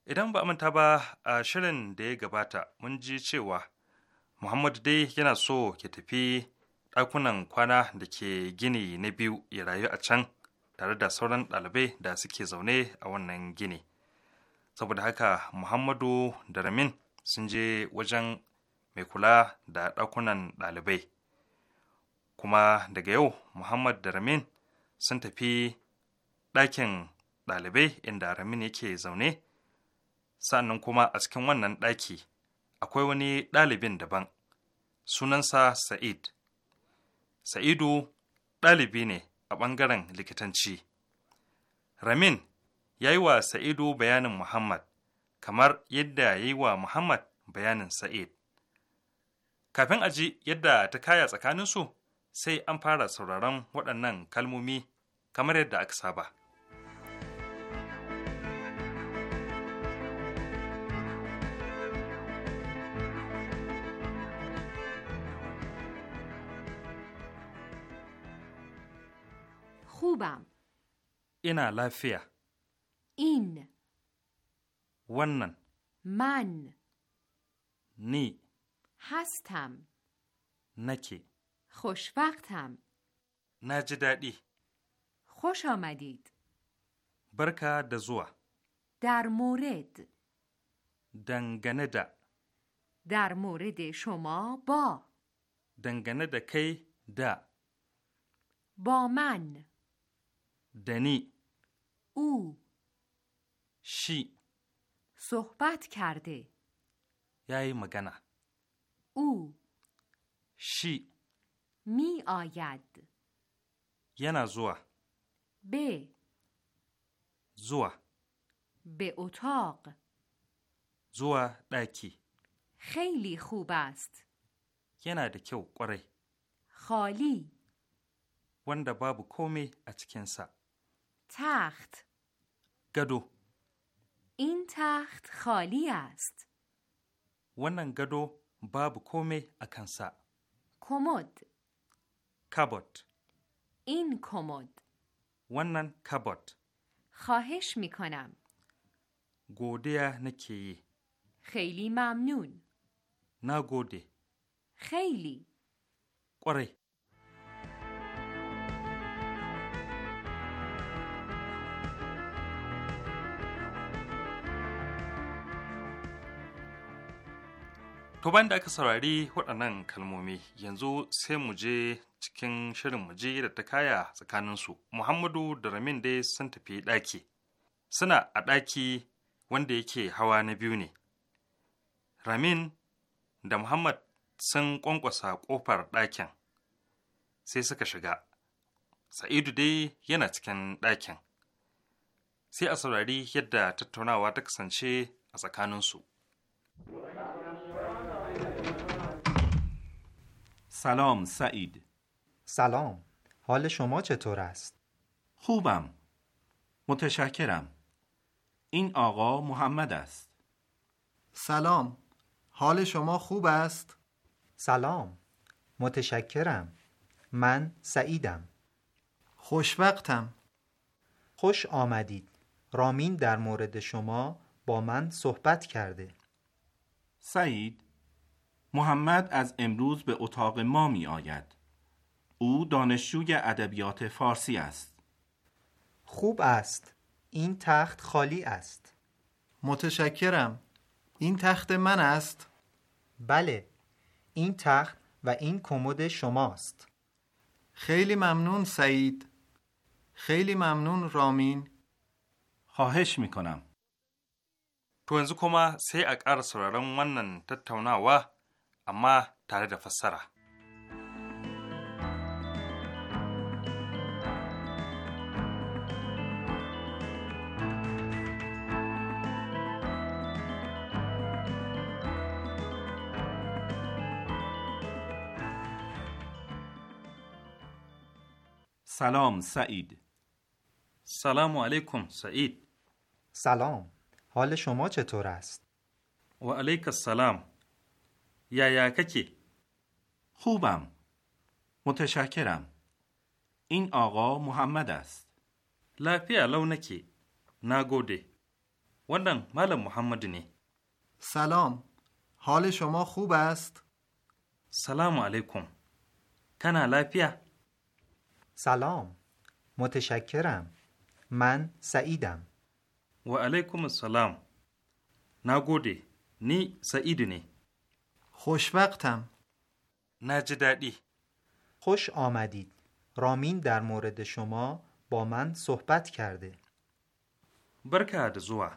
idan ba manta ba a shirin da ya gabata mun ji cewa muhammadu dai yana so ya tafi ɗakunan kwana da ke gini na biyu ya rayu a can tare da sauran ɗalibai da suke zaune a wannan gini saboda haka muhammadu da ramin sun je wajen mai kula da ɗakunan ɗalibai kuma daga yau muhammadu da ramin sun tafi ɗakin ɗalibai inda ramin yake zaune sannan kuma a cikin wannan ɗaki akwai wani ɗalibin daban sunansa sa'id sa'idu ɗalibi ne a ɓangaren likitanci ramin ya yi wa sa'idu bayanin muhammad kamar yadda ya yi wa muhammad bayanin sa'id kafin a ji yadda ta kaya tsakaninsu sai an fara sauraron waɗannan kalmomi kamar yadda aka saba. خوبم اینا لافیه این ونن من نی هستم نکی خوشوقتم نجدادی خوش آمدید برکا دزوا در مورد دنگنده در مورد شما با دنگندا کی دا با من دنی او شی صحبت کرده یای مگنه او شی می آید ینا زوا به زوا به اتاق زوا داکی خیلی خوب است ینا دکیو قره خالی وند باب کومی اتکنسا تخت گدو این تخت خالی است ونن گدو باب کومه اکنسا کمد کبوت این کمد ونن کبوت خواهش می کنم گوده خیلی ممنون نگوده خیلی قره To bayan da aka saurari waɗannan kalmomi yanzu sai mu je cikin shirin mu je da ta kaya tsakaninsu. Muhammadu da Ramin dai sun tafi ɗaki. Suna a ɗaki wanda yake hawa na biyu ne. Ramin da Muhammad sun ƙwanƙwasa ƙofar ɗakin sai suka shiga. Sa'idu dai yana cikin ɗakin. Sai a saurari yadda tattaunawa ta kasance a tsakaninsu. سلام سعید سلام حال شما چطور است؟ خوبم متشکرم این آقا محمد است سلام حال شما خوب است؟ سلام متشکرم من سعیدم خوشوقتم خوش آمدید رامین در مورد شما با من صحبت کرده سعید محمد از امروز به اتاق ما می آید. او دانشجوی ادبیات فارسی است. خوب است. این تخت خالی است. متشکرم. این تخت من است. بله. این تخت و این کمد شماست. خیلی ممنون سعید. خیلی ممنون رامین. خواهش می کنم. تو انزو کما سی اکار منن منن تتونا اما tare da سلام سعید سلام علیکم سعید سلام حال شما چطور است؟ و علیک السلام یایا ککی خوبم متشکرم این آقا محمد است لافیا لونکی نگوده wannan Malam Muhammadu ne. سلام حال شما خوب است؟ سلام علیکم کنا لافیا سلام متشکرم من سعیدم و علیکم السلام نگوده نی سعید نه خوشوقتم نجددی خوش آمدید رامین در مورد شما با من صحبت کرده برکه د زوا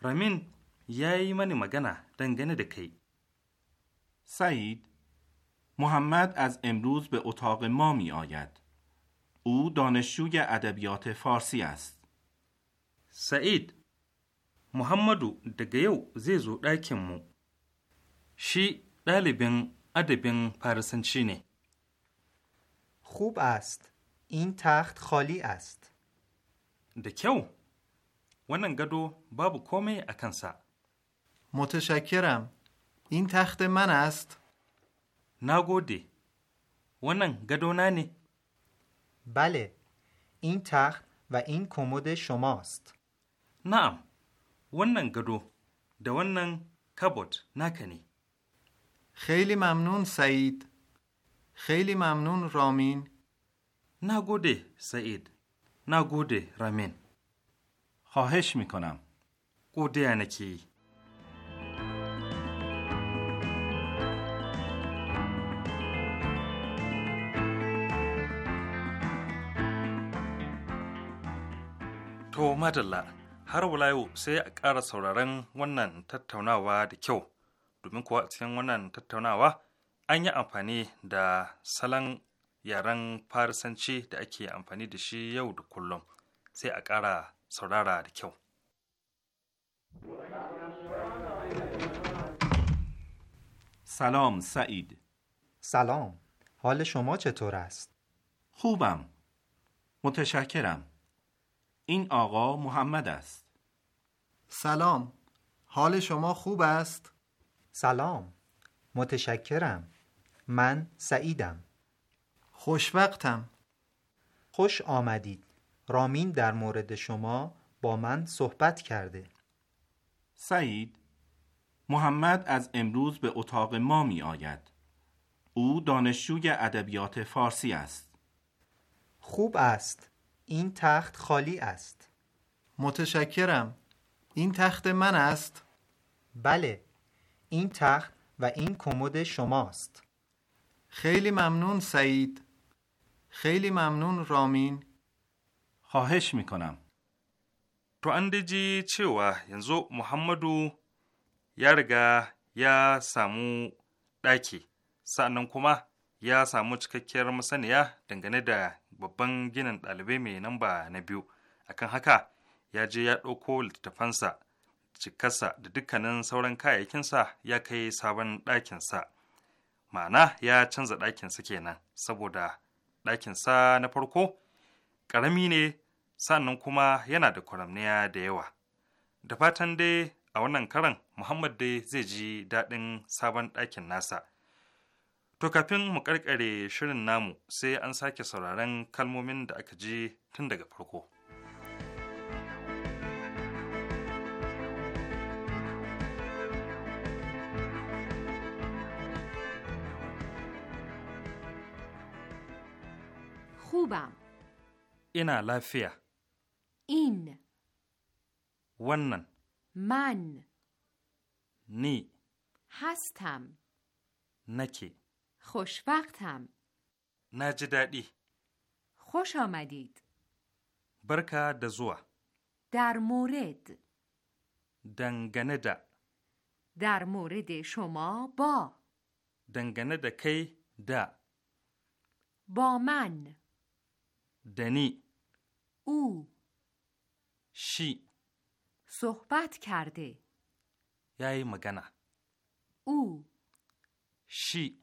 رامین یای منی مگنه دنگنه دکی سعید محمد از امروز به اتاق ما می آید او دانشجوی ادبیات فارسی است سعید محمدو دگیو زیزو زی شی دلیبین ادبین پرسنچی نه خوب است این تخت خالی است دکیو ونن گدو بابو کومه اکنسا متشکرم این تخت من است نگودی ونن گدو نانی بله این تخت و این کمد شماست نعم ونن گدو ده کبوت نکنی خیلی ممنون سعید خیلی ممنون رامین نگوده سعید نگوده رامین خواهش میکنم گوده انکی یعنی تو مدلا، هر wala yau sai a ƙara sauraron wannan tattaunawa da domin kuwa a cikin wannan tattaunawa an yi amfani da salon yaren farisanci da ake amfani da shi yau da kullum sai a ƙara saurara da kyau سلام سعید سلام حال شما چطور است؟ خوبم متشکرم این آقا محمد است سلام حال شما خوب است؟ سلام متشکرم من سعیدم خوشوقتم خوش آمدید رامین در مورد شما با من صحبت کرده سعید محمد از امروز به اتاق ما می آید او دانشجوی ادبیات فارسی است خوب است این تخت خالی است متشکرم این تخت من است بله این تخت و این کمد شماست خیلی ممنون سعید خیلی ممنون رامین خواهش میکنم تو اندیجی چی و ینزو محمدو یارگا یا سامو داکی سانم کما یا سامو چکا کرمسان یا دنگنه دا ببنگینن دالوی می با نبیو اکن حکا یا جی یا اوکول تفنسا cikarsa da dukkanin sauran kayayyakinsa ya kai sabon ɗakinsa ma'ana ya canza ɗakinsa kenan saboda ɗakinsa na farko ƙarami ne sannan kuma yana da kwaramniya da yawa da fatan dai a wannan karan muhammad dai zai ji daɗin sabon ɗakin nasa to kafin mu ƙarƙare shirin namu sai an sake sauraren kalmomin da aka ji tun daga farko Kuba. Ina lafiya. In. Wannan. Man. Ni. Hastam. Nake. Khoshbaqtam. Na ji daɗi. Khoshamadid. Barka da zuwa. Dar mored. Dangane da. Dar mored shoma Dangane da kai da. Boman! دنی او شی صحبت کرده یای مگنه او شی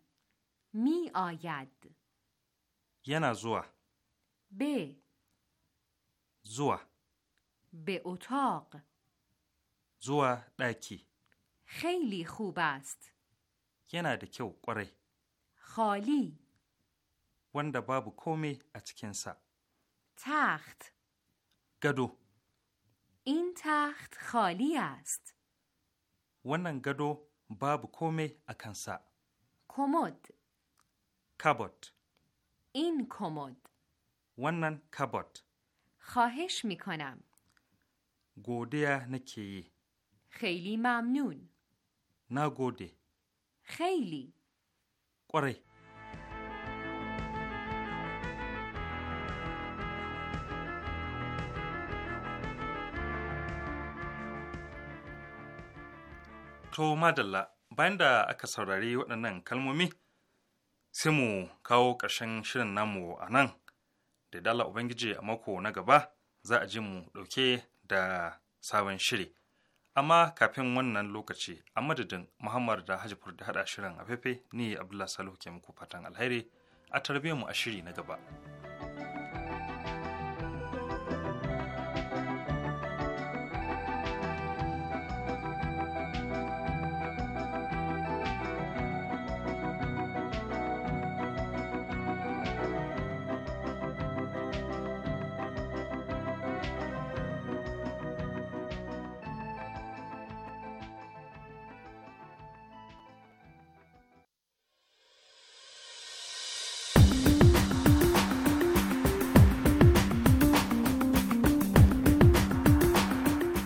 می آید ینا زوا به زوا به اتاق زوا داکی خیلی خوب است ینا دکیو قره خالی وند باب کومی اتکنسه تخت گدو این تخت خالی است ونن گدو باب کومه اکنسا کمد کبوت این کمد ونن کبوت خواهش میکنم. کنم نکیی. خیلی ممنون گوده خیلی قره To madalla, bayan da aka saurari waɗannan kalmomi, sai mu kawo ƙarshen shirin namu a nan, da dala Ubangiji a mako na gaba za a ji mu ɗauke da sabon shiri. Amma kafin wannan lokaci, a madadin Muhammad da Hajifur da haɗa shirin a fefe ni Abdullah Salihu ke muku fatan alheri a tarbiyyar mu a shiri na gaba.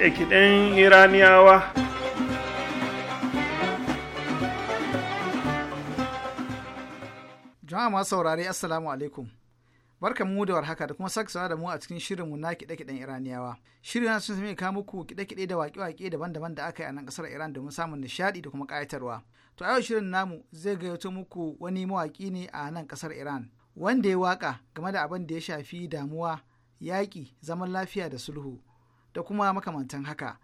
kiɗe-kiɗen iraniyawa jama'a masu assalamu alaikum barkan mu da warhaka da kuma sake da mu a cikin shirinmu na kiɗe-kiɗen iraniyawa shirin sun sami kawo muku kiɗe-kiɗe da waƙe-waƙe daban-daban da aka yi a nan ƙasar iran domin samun nishaɗi da kuma ƙayatarwa to a yau shirin namu zai gayyato muku wani mawaƙi ne a nan ƙasar iran wanda ya waƙa game da abin da ya shafi damuwa yaƙi zaman lafiya da sulhu da kuma makamantan haka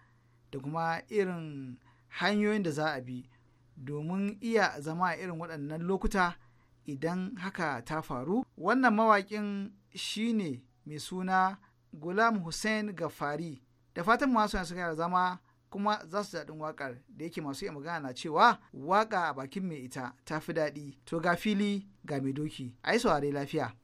da kuma irin hanyoyin da za a bi domin iya zama a irin waɗannan lokuta idan haka ta faru wannan mawaƙin shine mai suna gulam hussein gafari da fatan masu suka zama kuma za su daɗin waƙar da yake masu iya magana na cewa waƙa a bakin mai ita ta fi daɗi to ga fili ga mai doki a yi saurare lafiya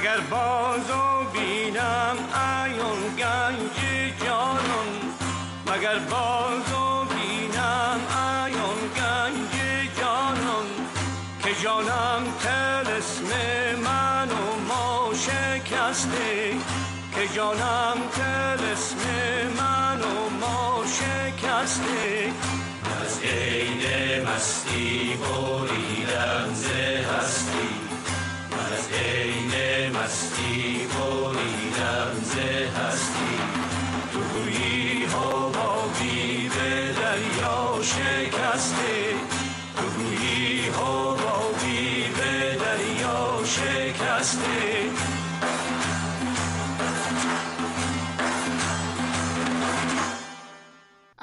اگر بازو بینم ایون گنج جانم مگر بازو بینم ایون گنج جانم که جانم اسم من و ما شکسته که جانم اسم من و ما شکسته از عین مستی بریدم ز هستی از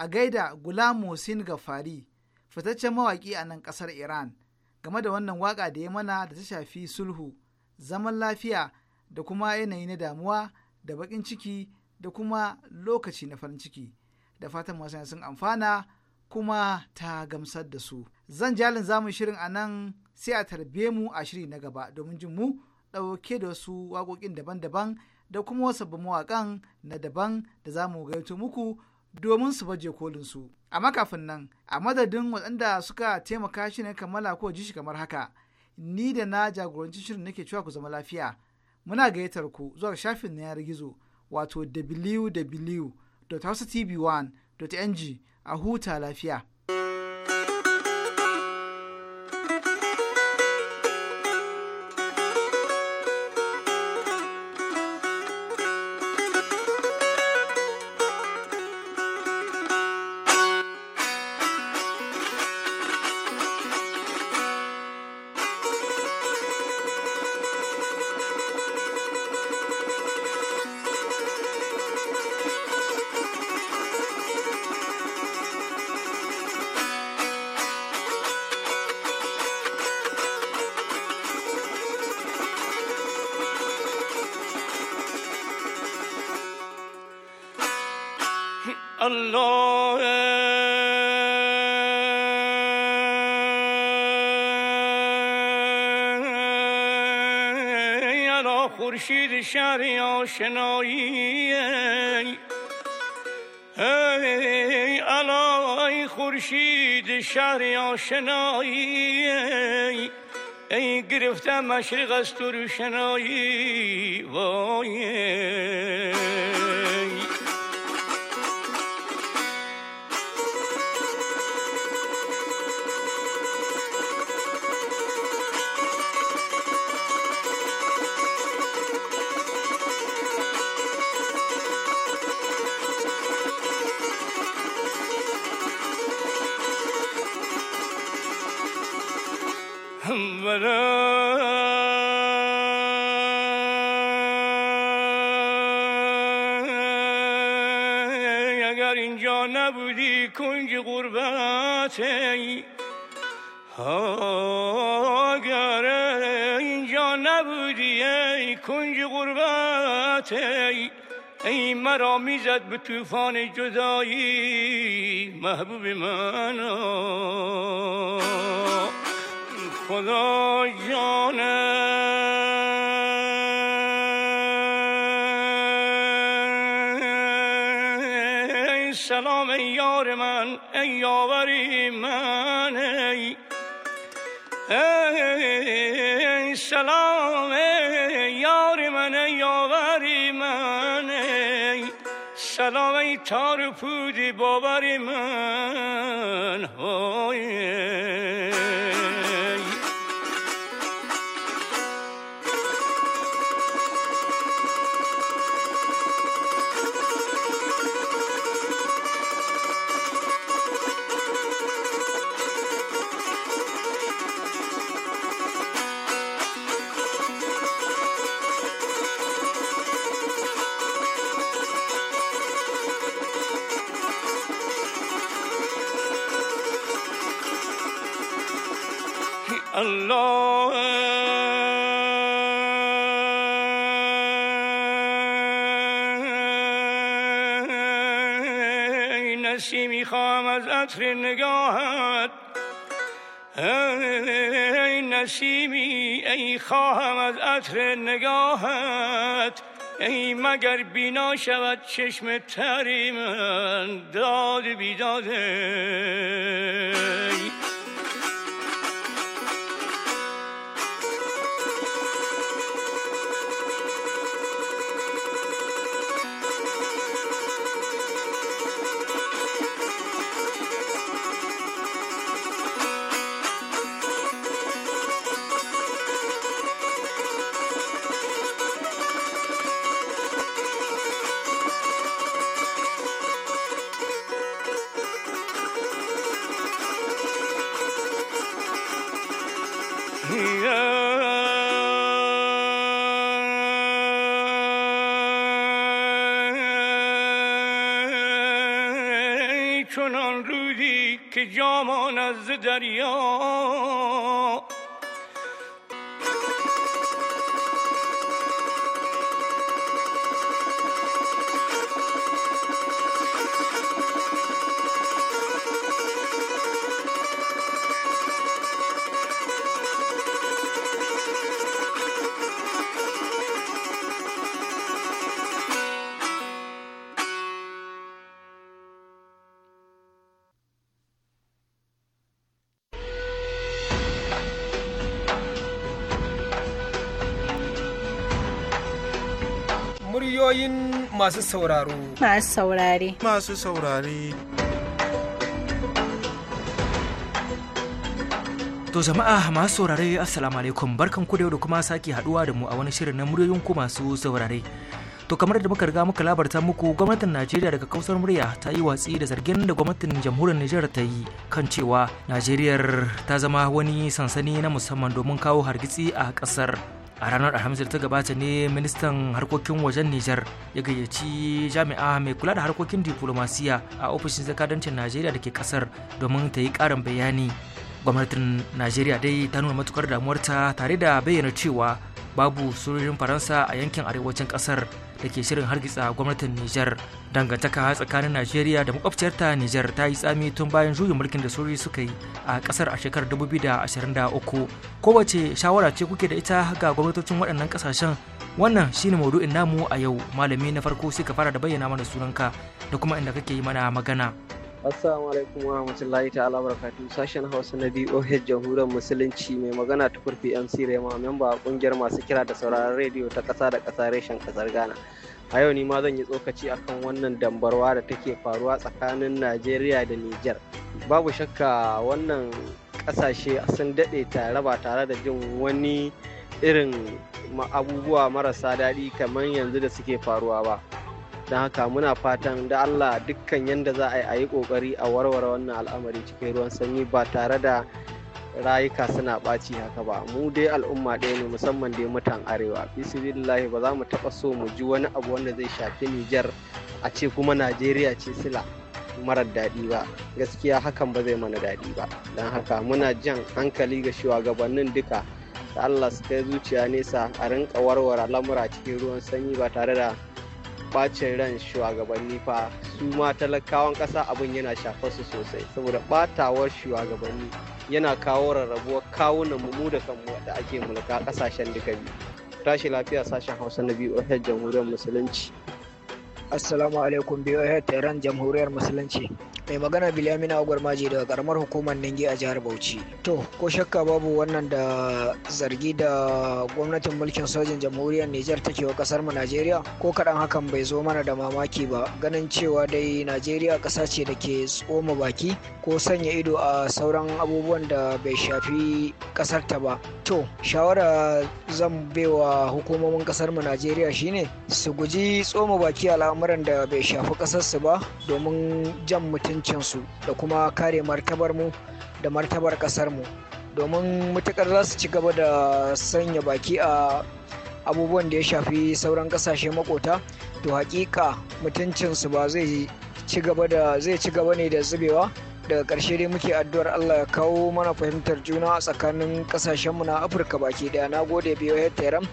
a gaida Gulam Hussein Gafari, fitaccen mawaki a nan kasar Iran, game da wannan waka da ya mana da ta shafi sulhu, zaman lafiya da kuma yanayi na damuwa da bakin ciki da kuma lokaci na farin ciki. Da fatan masu sun amfana kuma ta gamsar da su. Zan jalin zamun shirin a nan sai a tarbe mu a shiri na gaba domin jin mu ɗauke da wasu waƙoƙin daban-daban da kuma wasu mawaƙan na daban da zamu mu gaito muku domin su baje kolinsu su amma kafin nan a madadin waɗanda suka taimaka shi ne kammala ko ji shi kamar haka ni da na jagoranci shirin nake cewa ku zama lafiya muna gayyatar ku zuwa shafin na yanar gizo wato www.hausatv1.ng a huta lafiya الله خورشید شهر آشنایی ای علای خورشید شهر آشنایی ای گرفته مشرق از تو روشنایی وای مرا میزد به طوفان جدایی محبوب من خدا جانم تار پودی پود باور من نسیمی ای خواهم از عطر نگاهت ای مگر بینا شود چشم تری من داد بیداده masu sauraro. Masu saurare. Masu saurare. To jama'a masu saurare assalamu alaikum barkan ku da yau da kuma sake haduwa da mu a wani shirin na muryoyin ku masu saurare. To kamar da muka riga muka labarta muku gwamnatin Najeriya daga kausar murya ta yi watsi da zargin da gwamnatin jamhuriyar Nijar ta yi kan cewa Najeriya ta zama wani sansani na musamman domin kawo hargitsi a kasar. a ranar alhamis da ta gabata ne ministan harkokin wajen nijar ya gayyaci jami'a mai kula da harkokin diplomasiya a ofishin zakadancin najeriya da ke kasar domin ta yi karin bayani gwamnatin najeriya dai ta nuna matukar damuwarta tare da bayyana cewa babu sojojin faransa a yankin arewacin kasar da ke shirin hargitsa gwamnatin Nijar. Dangantaka tsakanin Najeriya da makwabciyarta Nijar ta yi tsami tun bayan juyin mulkin da sojoji suka yi a kasar a shekarar 2023. Kowace shawara ce kuke da ita ga gwamnatocin waɗannan kasashen wannan shine maudu'in namu a yau malami na farko sai ka fara da bayyana mana sunanka da kuma inda kake yi mana magana. Assalamu alaikum wa rahmatullahi ta'ala barakatu sashen Hausa na BOH Jamhuriyar Musulunci mai magana ta kurfi MC Rema memba a kungiyar masu kira da sauraron rediyo ta kasa da kasa reshen kasar Ghana. A yau ni ma zan yi tsokaci akan wannan dambarwa da take faruwa tsakanin Najeriya da Nijar. Babu shakka wannan ƙasashe sun daɗe tare ba tare da jin wani irin abubuwa marasa daɗi kamar yanzu da suke faruwa ba. don haka muna fatan da Allah dukkan yadda za a yi kokari a warware wannan al'amari cikin ruwan sanyi ba tare da rayuka suna ɓaci haka ba mu dai al'umma ɗaya ne musamman dai mutan arewa bismillahi ba za mu taɓa so mu ji wani abu wanda zai shafi nijar a ce kuma najeriya ce sila marar daɗi ba gaskiya hakan ba zai mana daɗi ba don haka muna jan hankali ga shugabannin duka da allah su kai zuciya nesa a rinka warware lamura cikin ruwan sanyi ba tare da bacin ran shugabanni fa su ma talakawan ƙasa abin yana shafar su sosai saboda batawar shugabanni yana kawo rarrabuwar kawunan mu da kanmu da ake mulka ƙasashen duka biyu tashi lafiya sashen hausa na biyu jamhuriyar musulunci Assalamu alaikum biyo ya Tehran Jamhuriyar Musulunci. Mai magana Bilamina Agwarmaji daga karamar hukumar Ningi a jihar Bauchi. To, ko shakka babu wannan da zargi da gwamnatin mulkin sojin jamhuriyar Nijar take wa kasar mu Najeriya? Ko kaɗan hakan bai zo mana da mamaki ba, ganin cewa dai Najeriya ƙasa ce da ke tsoma baki ko sanya ido a sauran abubuwan da bai shafi ƙasar ta ba. To, shawara zan baiwa hukumomin ƙasar mu Najeriya shine su guji tsoma baki al'amuran al'amuran da bai shafi ƙasarsu ba domin jan mutuncinsu da kuma kare martabarmu da martabar ƙasarmu domin matuƙar za su ci gaba da sanya baki a abubuwan da ya shafi sauran ƙasashe makota to haƙiƙa mutuncinsu ba zai ci gaba ne da zubewa daga ƙarshe dai muke addu'ar Allah ya kawo mana fahimtar juna a tsakanin ƙasashenmu na Afirka baki daya na gode biyo Tehran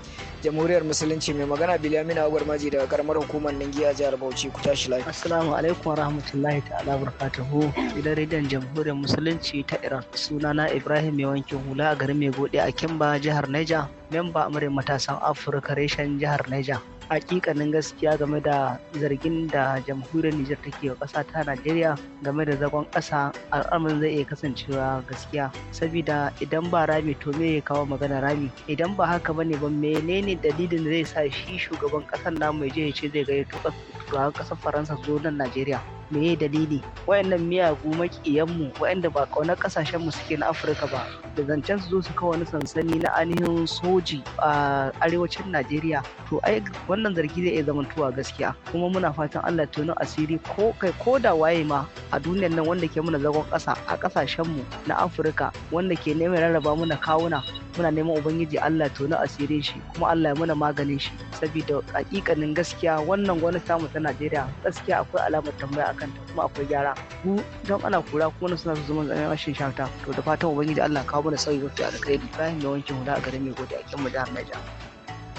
jamhuriyar musulunci mai magana Bilamina Agwar Maji daga karamar hukumar Ningiya jihar Bauchi ku tashi lafiya Assalamu alaikum warahmatullahi ta'ala barakatuhu idan rediyon jamhuriyar musulunci ta Iran sunana Ibrahim mai wankin hula a garin mai gode a Kimba jihar Niger memba amurin matasan Afirka reshen jihar Niger hakikanin gaskiya game da zargin da jamhuriyar Nijar take wa ƙasa ta Najeriya game da zagon ƙasa al'amarin zai iya kasancewa gaskiya saboda idan ba rami to me ya kawo magana rami idan ba haka ba ne ba menene dalilin da zai sa shi shugaban ƙasar namu ya je ya ce zai ga turawan ƙasar Faransa zo nan Najeriya meye dalili wayannan miyagu makiyan mu wayanda ba ƙaunar kasashen mu suke na afirka ba da zancen su zo su kawo wani sansani na ainihin soji a arewacin najeriya to ai wannan zargi zai iya zamantowa gaskiya kuma muna fatan allah tono asiri ko kai ko da waye ma a duniyar nan wanda ke muna zagon ƙasa a kasashen mu na afirka wanda ke neman rarraba muna kawuna muna neman ubangiji Allah to na asirin shi kuma Allah ya muna maganin shi saboda hakikanin gaskiya wannan gwani tamu ta Najeriya gaskiya akwai alamar tambaya akan ta kuma akwai gyara ku don ana kura kuma suna su zama rashin shata to da fatan ubangiji Allah kawo mana sauyi mafi alkhairi Ibrahim da hula huda a garin mai gode a kyan mu jihar Niger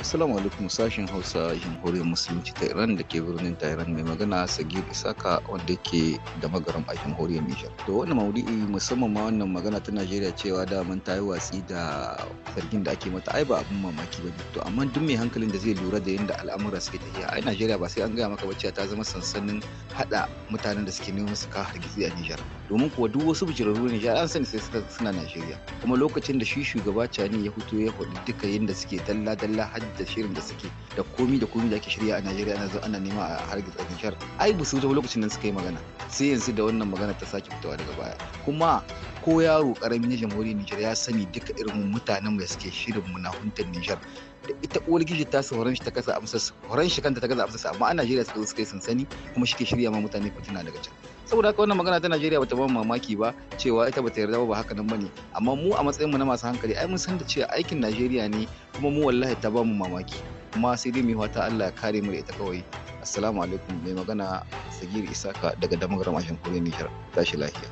Assalamu alaikum sashen Hausa jamhuriyar Musulunci ta Iran da ke birnin Tehran mai magana Sagir Isaka wanda ke da magaram a jamhuriyar Nijar. Da wannan maudu'i musamman ma wannan magana ta Najeriya cewa da mun tayi watsi da zargin da ake mata ai ba abun mamaki ba to amma duk mai hankalin da zai lura da yadda al'amura suke tafiya ai Najeriya ba sai an gaya maka ba cewa ta zama sansanin haɗa mutanen da suke neman su kawo hargitsi a Nijar. Domin kuwa duk wasu bijirarru Nijar an sani sai suna Najeriya. Kuma lokacin da shi shugaba Cani ya fito ya faɗi duka yadda suke dalla-dalla har da shirin da suke da komi da komi da ake shirya a Najeriya ana zo ana nema a hargitsa Nijar ai ba su lokacin nan suka yi magana sai yanzu da wannan magana ta sake fitowa daga baya kuma ko yaro karamin na jamhuriyar Nijar ya sani duka irin mutanen da suke shirin huntar Nijar da ita uwar gishi ta sauran shi ta kasa amsa sauran shi kanta ta kasa amsa amma a Najeriya suka suka yi sansani kuma shi ke shirya ma mutane fitina daga can saboda haka wannan magana ta Najeriya bata ban mamaki ba cewa ita bata yarda ba haka nan bane amma mu a matsayin mu na masu hankali ai mun san da cewa aikin Najeriya ne kuma mu wallahi ta bamu mamaki kuma sai dai mu yi fata Allah ya kare mu da ita kawai assalamu alaikum mai magana sagir isaka daga damagaram a shankurin nijar tashi lafiya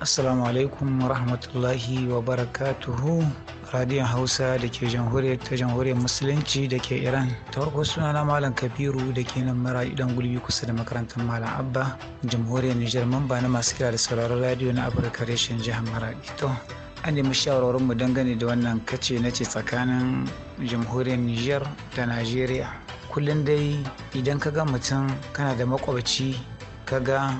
assalamu alaikum rahmatullahi wa barakatuhu radiyon hausa da ke jamhuriyar ta jamhuriyar musulunci da ke iran ta farko na malam kabiru da ke nan mara idan gulbi kusa da makarantar malam abba jamhuriyar nijar mamba na masu kira da sauraron radiyo na afirka reshen jihar mara ito an nemi mu dangane da wannan kace na ce tsakanin jamhuriyar nijar da najeriya kullum dai idan ka ga mutum kana da makwabci ka ga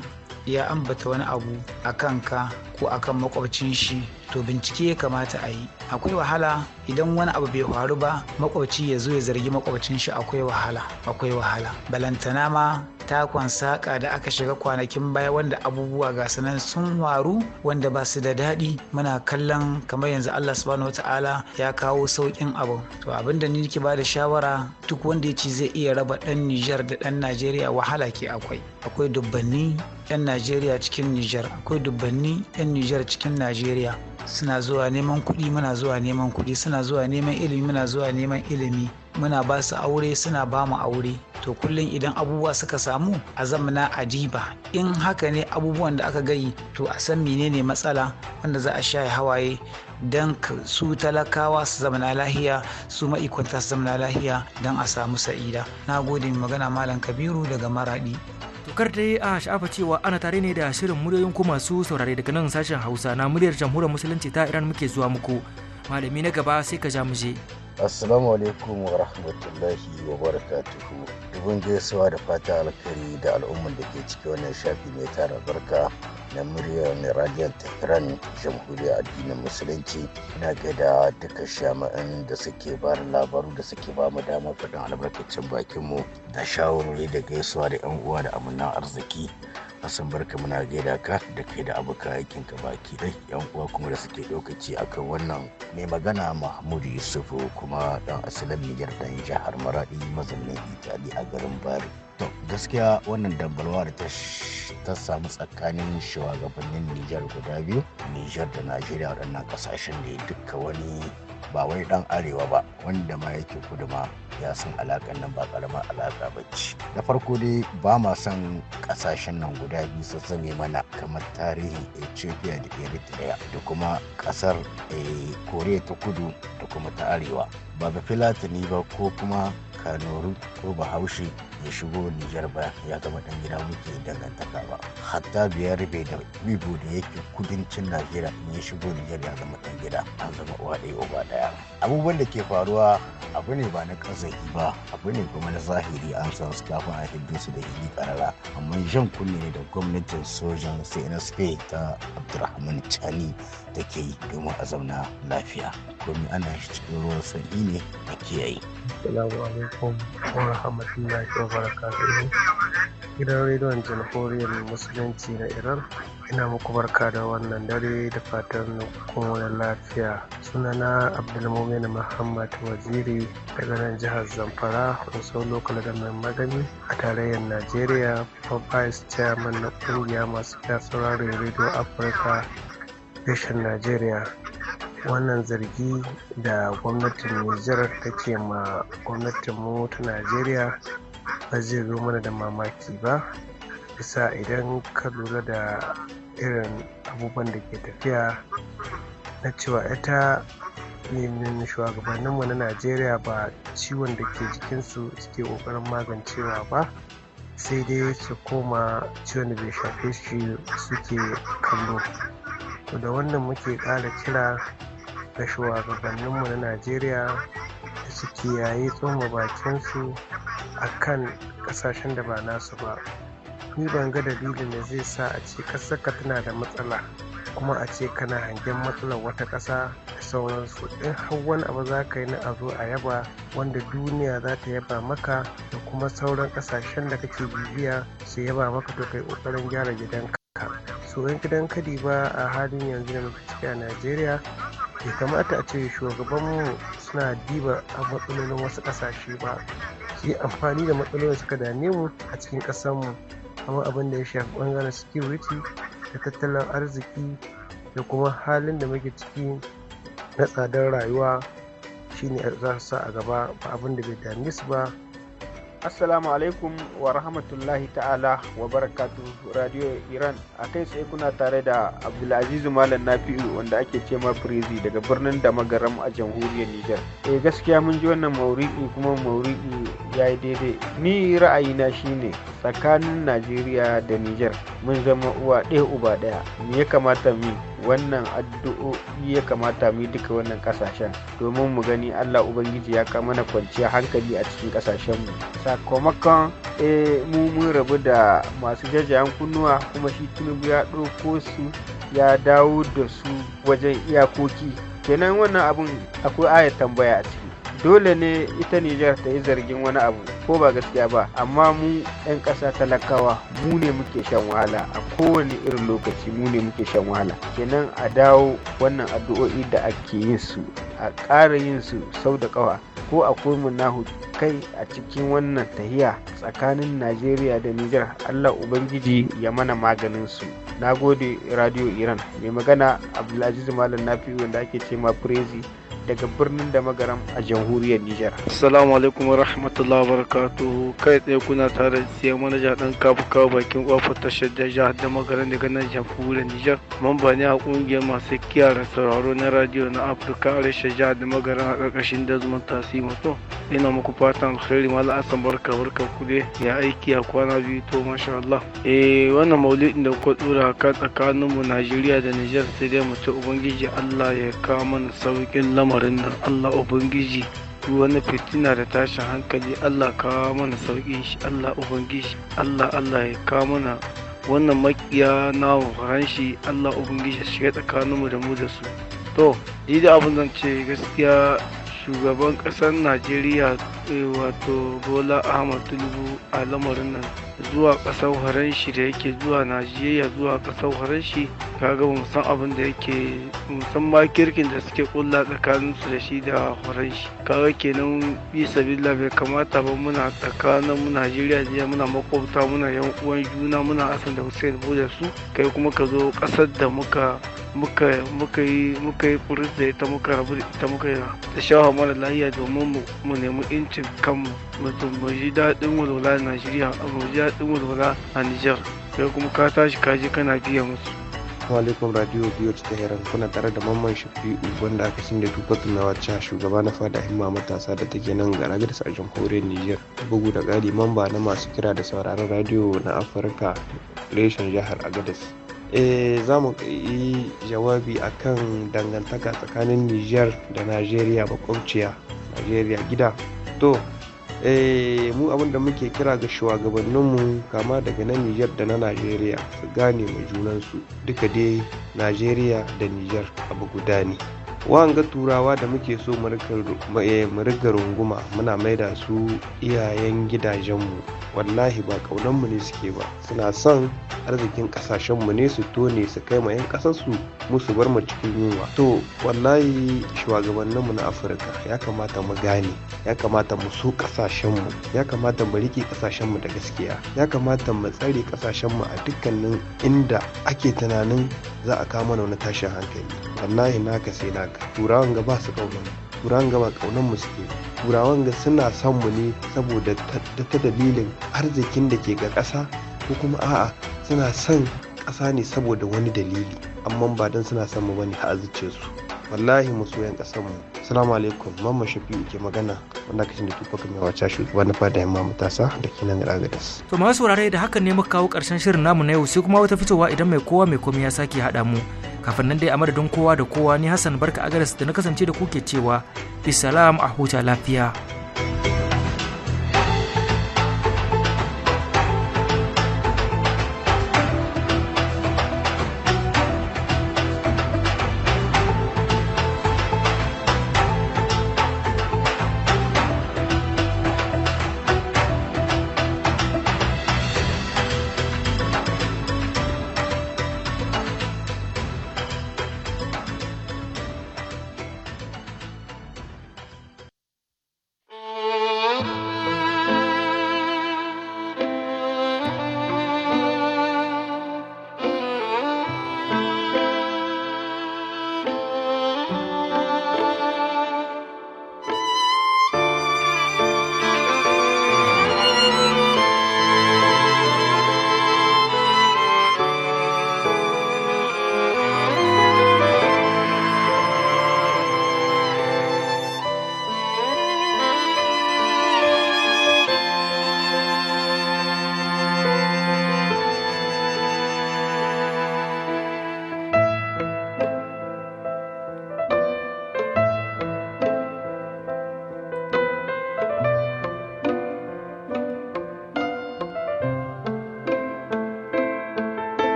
ya ambata wani abu a kanka ko akan makwabcin shi to bincike ya kamata a yi akwai wahala idan wani abu bai faru ba makwabci ya zo ya zargi makwabcin shi akwai wahala akwai wahala balantana ma takon saƙa da aka shiga kwanakin baya wanda abubuwa ga sanan sun waru wanda ba su da daɗi muna kallon kamar yanzu Allah subhanahu wata'ala ya kawo sauƙin abu to abin da ni ke bada shawara duk wanda ya ci zai iya raba ɗan Nijar da ɗan Najeriya wahala ke akwai akwai dubbanni 'yan Najeriya cikin Nijar akwai dubbanni 'yan Nijar cikin Najeriya suna zuwa neman kuɗi muna zuwa neman kuɗi suna zuwa neman ilimi muna zuwa neman ilimi muna ba su aure suna ba mu aure to kullum idan abubuwa suka samu a zamana ajiba in haka ne abubuwan da aka gayi to a san menene matsala wanda za a sha hawaye don su talakawa su zamana lahiya su ma'ikwanta su zamana lahiya don a samu sa'ida na gode magana malam kabiru daga maradi ta yi a sha'afa cewa ana tare ne da shirin muryoyin ku masu saurare daga nan sashen Hausa na muryar jamhuriyar musulunci ta Iran muke zuwa muku. malami na gaba sai ka ja mu je Assalamu alaikum wa rahmatullahi wa barakatuhu. Dubin gaisuwa da fata alkhairi da al'ummar da ke ciki wannan shafi mai tara barka na muryar radiyon Tehran jamhuriyar addinin musulunci na gaida duka shama'in da suke ba labaru da suke ba mu damar faɗin albarkacin bakinmu da shawarwari da gaisuwa da 'yan uwa da amina arziki asan barka muna gaida ka da kai da abokan aikin ka baki dai yan uwa kuma da suke lokaci akan wannan mai magana mahmud yusufu kuma dan asalin niger dan jihar maradi mazaunin itali a garin bari to gaskiya wannan dambalwa da ta samu tsakanin shugabannin niger guda biyu niger da najeriya waɗannan kasashen da duka wani ba wai dan arewa ba wanda ma yake kudu ma ya san alakan nan ba karamar alaka ba ce da farko dai ba ma son kasashen nan guda biyu su zame mana kamar tarihin ethiopia da eritrea da kuma kasar eh, korea ta kudu da kuma ta arewa ba ga filatini ba ko kuma kanoru ko bahaushe ya shigo nijar ba ya zama dan gida muke dangantaka ba hatta biyar rufe da bibu da yake kudancin najeriya in ya shigo nijar ya zama dan gida an zama uwa ɗaya uba ɗaya abubuwan da ke faruwa abu ne ba na kazahi ba abu ne kuma na zahiri an san su kafin a hiddu su da hili karara amma jan kunne ne da gwamnatin sojan cnsp ta abdulrahman chani take yi domin a zauna lafiya domin ana shi cikin ruwan sanyi ne a kiyaye. Salamu alaikum wa rahmatullahi wa barakatuhu. Gidan rediyon Jamhuriyar Musulunci na Iran ina muku barka da wannan dare da fatan kowane lafiya sunana abdulmumin muhammad waziri daga nan jihar zamfara wasu lokal mai magani a tarayyar najeriya babban vice chairman na ƙungiya masu kasuwar radio afirka Education Najeriya: wannan zargi da gwamnatin Nijar ke ma gwamnatinmu ta Najeriya ba zai zo mana da mamaki ba bisa idan ka lura da irin abubuwan da ke tafiya na cewa ita nemin shugabanninmu na Najeriya ba ciwon da ke jikinsu suke ƙoƙarin magancewa ba sai dai su koma ciwon da bai shafe shi suke kallo to da wannan muke ƙara kira ga shugabanninmu na najeriya da su kiyaye tsoma bakinsu a kan ƙasashen da ba nasu ba ni ban ga dalilin da zai sa a ce ƙasarka tana da matsala kuma a ce kana hangen matsalar wata ƙasa sauransu in har wani abu za ka yi na a zo a yaba wanda duniya za ta yaba maka da kuma sauran kasashen da kake bibiya su yaba maka to kai kokarin gyara gidanka so in gidan kadi ba a halin yanzu da muke ciki a najeriya bai kamata a ce shugabanmu suna diba a matsalolin wasu kasashe ba su yi amfani da matsalolin suka dame mu a cikin ƙasarmu kamar abin da ya shafi bangaren security da tattalin arziki da kuma halin da muke ciki na tsadar rayuwa shine za su sa a gaba ba abin da bai dame su ba assalamu alaikum wa rahmatullahi ta'ala wa barakatu radio iran a kai sai kuna tare da abdulaziz malam nafi'u wanda ake ce ma firizi daga birnin da a jamhuriyar niger. eh gaskiya mun ji wannan mauridi kuma mauridi ya yi daidai ni ra'ayina shine tsakanin najeriya da niger mun zama uwa ɗaya uba ɗaya me ya kamata mu wannan addu'o'i ya kamata mu duka wannan kasashen domin mu gani allah ubangiji ya kama na kwanciya hankali a cikin kasashen mu sakamakon eh, mu mun rabu da masu jajayen kunnuwa kuma shi tinubu ya ɗauko su ya dawo da su wajen iyakoki kenan wannan abun akwai ayar tambaya a ciki dole ne ita Nijar ta yi zargin wani abu ko ba gaskiya ba amma mu 'yan ƙasa talakawa mu ne muke shan wahala a kowane irin lokaci mu ne muke shan wahala kenan a dawo wannan addu'o'i da ake yin su a ƙara yin su sau da ƙawa ko a komin nahu kai a cikin wannan tahiya tsakanin najeriya da nijar allah ubangiji ya mana maganin su na gode radio iran mai magana abdulaziz malam nafi wanda ake ce ma prezi daga birnin da magaram a jamhuriyar Nijar. Assalamu alaikum wa rahmatullahi wa barakatuhu kai tsaye kuna tare da manaja dan kafuka bakin kofar tashar da jihar da magaram daga nan jamhuriyar Nijar. Mamba ne a kungiyar masu kiyaye sauraro na radio na Afirka a rashin jihar da magaram a karkashin dazman tasima to ina muku fatan alkhairi mala asan barka barka kude ya aiki a kwana biyu to masha Allah. Eh wannan maulidin da kuka dora tsakanin tsakaninmu Najeriya da Nijar sai dai mu ce ubangiji Allah ya kawo mana sauƙin lamarin al'amarin Allah Ubangiji wani fitina da tashin hankali Allah kawo mana shi Allah Ubangiji Allah Allah ya kawo mana wannan makiya na faran shi Allah Ubangiji shiga tsakaninmu da mu da su to ni da abin zan ce gaskiya shugaban ƙasar Najeriya eh, wato Bola Ahmad Tinubu a lamarin nan zuwa ƙasar faran shi da yake zuwa Najeriya zuwa ƙasar faran shi kaga ba san abin da yake san ma kirkin da suke kulla tsakanin su da shi da horon shi kaga kenan bisa billa bai kamata ba muna tsakanin mu Najeriya jiya muna makwabta muna yan uwan juna muna asan da Hussein mu da su kai kuma ka zo kasar da muka muka muka yi muka yi furis da ita muka rabu da ita muka yi ta shawar mara lahiya domin mu nemi incin kanmu mutum mu ji daɗin walwala a Najeriya mu ji daɗin walwala a Nijar kai kuma ka tashi ka je kana biya musu Assalamu alaikum Radio BH Tehran kuna tare da Mamman Shafi'u wanda aka san da Tupac Nawacha shugaba na fada himma matasa da take nan ga da a jamhuriyar Niger bugu da gadi mamba na masu kira da sauraron radio na Afirka reshen jihar Agadez. eh za mu yi jawabi akan dangantaka tsakanin Niger da Najeriya makwabciya Najeriya gida to Eh, mu abin da muke kira ga shugabanninmu kama daga na Nijar da na Najeriya su gane ma junansu duka dai Najeriya da Nijar abu guda ne wanga turawa da muke so mu riga eh, runguma muna maida su iyayen gidajenmu wallahi ba mu ne suke ba suna son arzikin kasashenmu ne su tone su kai ma 'yan mu musu bar mu cikin yunwa to wallahi shugabanninmu na afirka ya kamata mu gane ya kamata mu so kasashenmu ya kamata mu riƙe kasashenmu da gaskiya ya kamata mu tsare kasashenmu a dukkanin inda ake tunanin za a kama na wani tashin hankali wallahi naka sai naka turawan ga ba su ƙaunar turawan ga ba ƙaunar mu suke turawan ga suna son mu ne saboda ta dalilin arzikin da ke ga ƙasa ko kuma a'a suna son ƙasa ne saboda wani dalili amma ba don suna son mu bane a su. wallahi mu soyan kasar mu assalamu alaikum mamma shafi'u ke magana wanda kashin da kifa faka mai wacce shugaban na fada yamma matasa da ke nan to masu saurare da hakan ne muka kawo karshen shirin namu na yau sai kuma wata fitowa idan mai kowa mai komai ya sake hada mu kafin nan dai a madadin kowa da kowa ni hassan barka agaras da na kasance da kuke cewa isalam a huta lafiya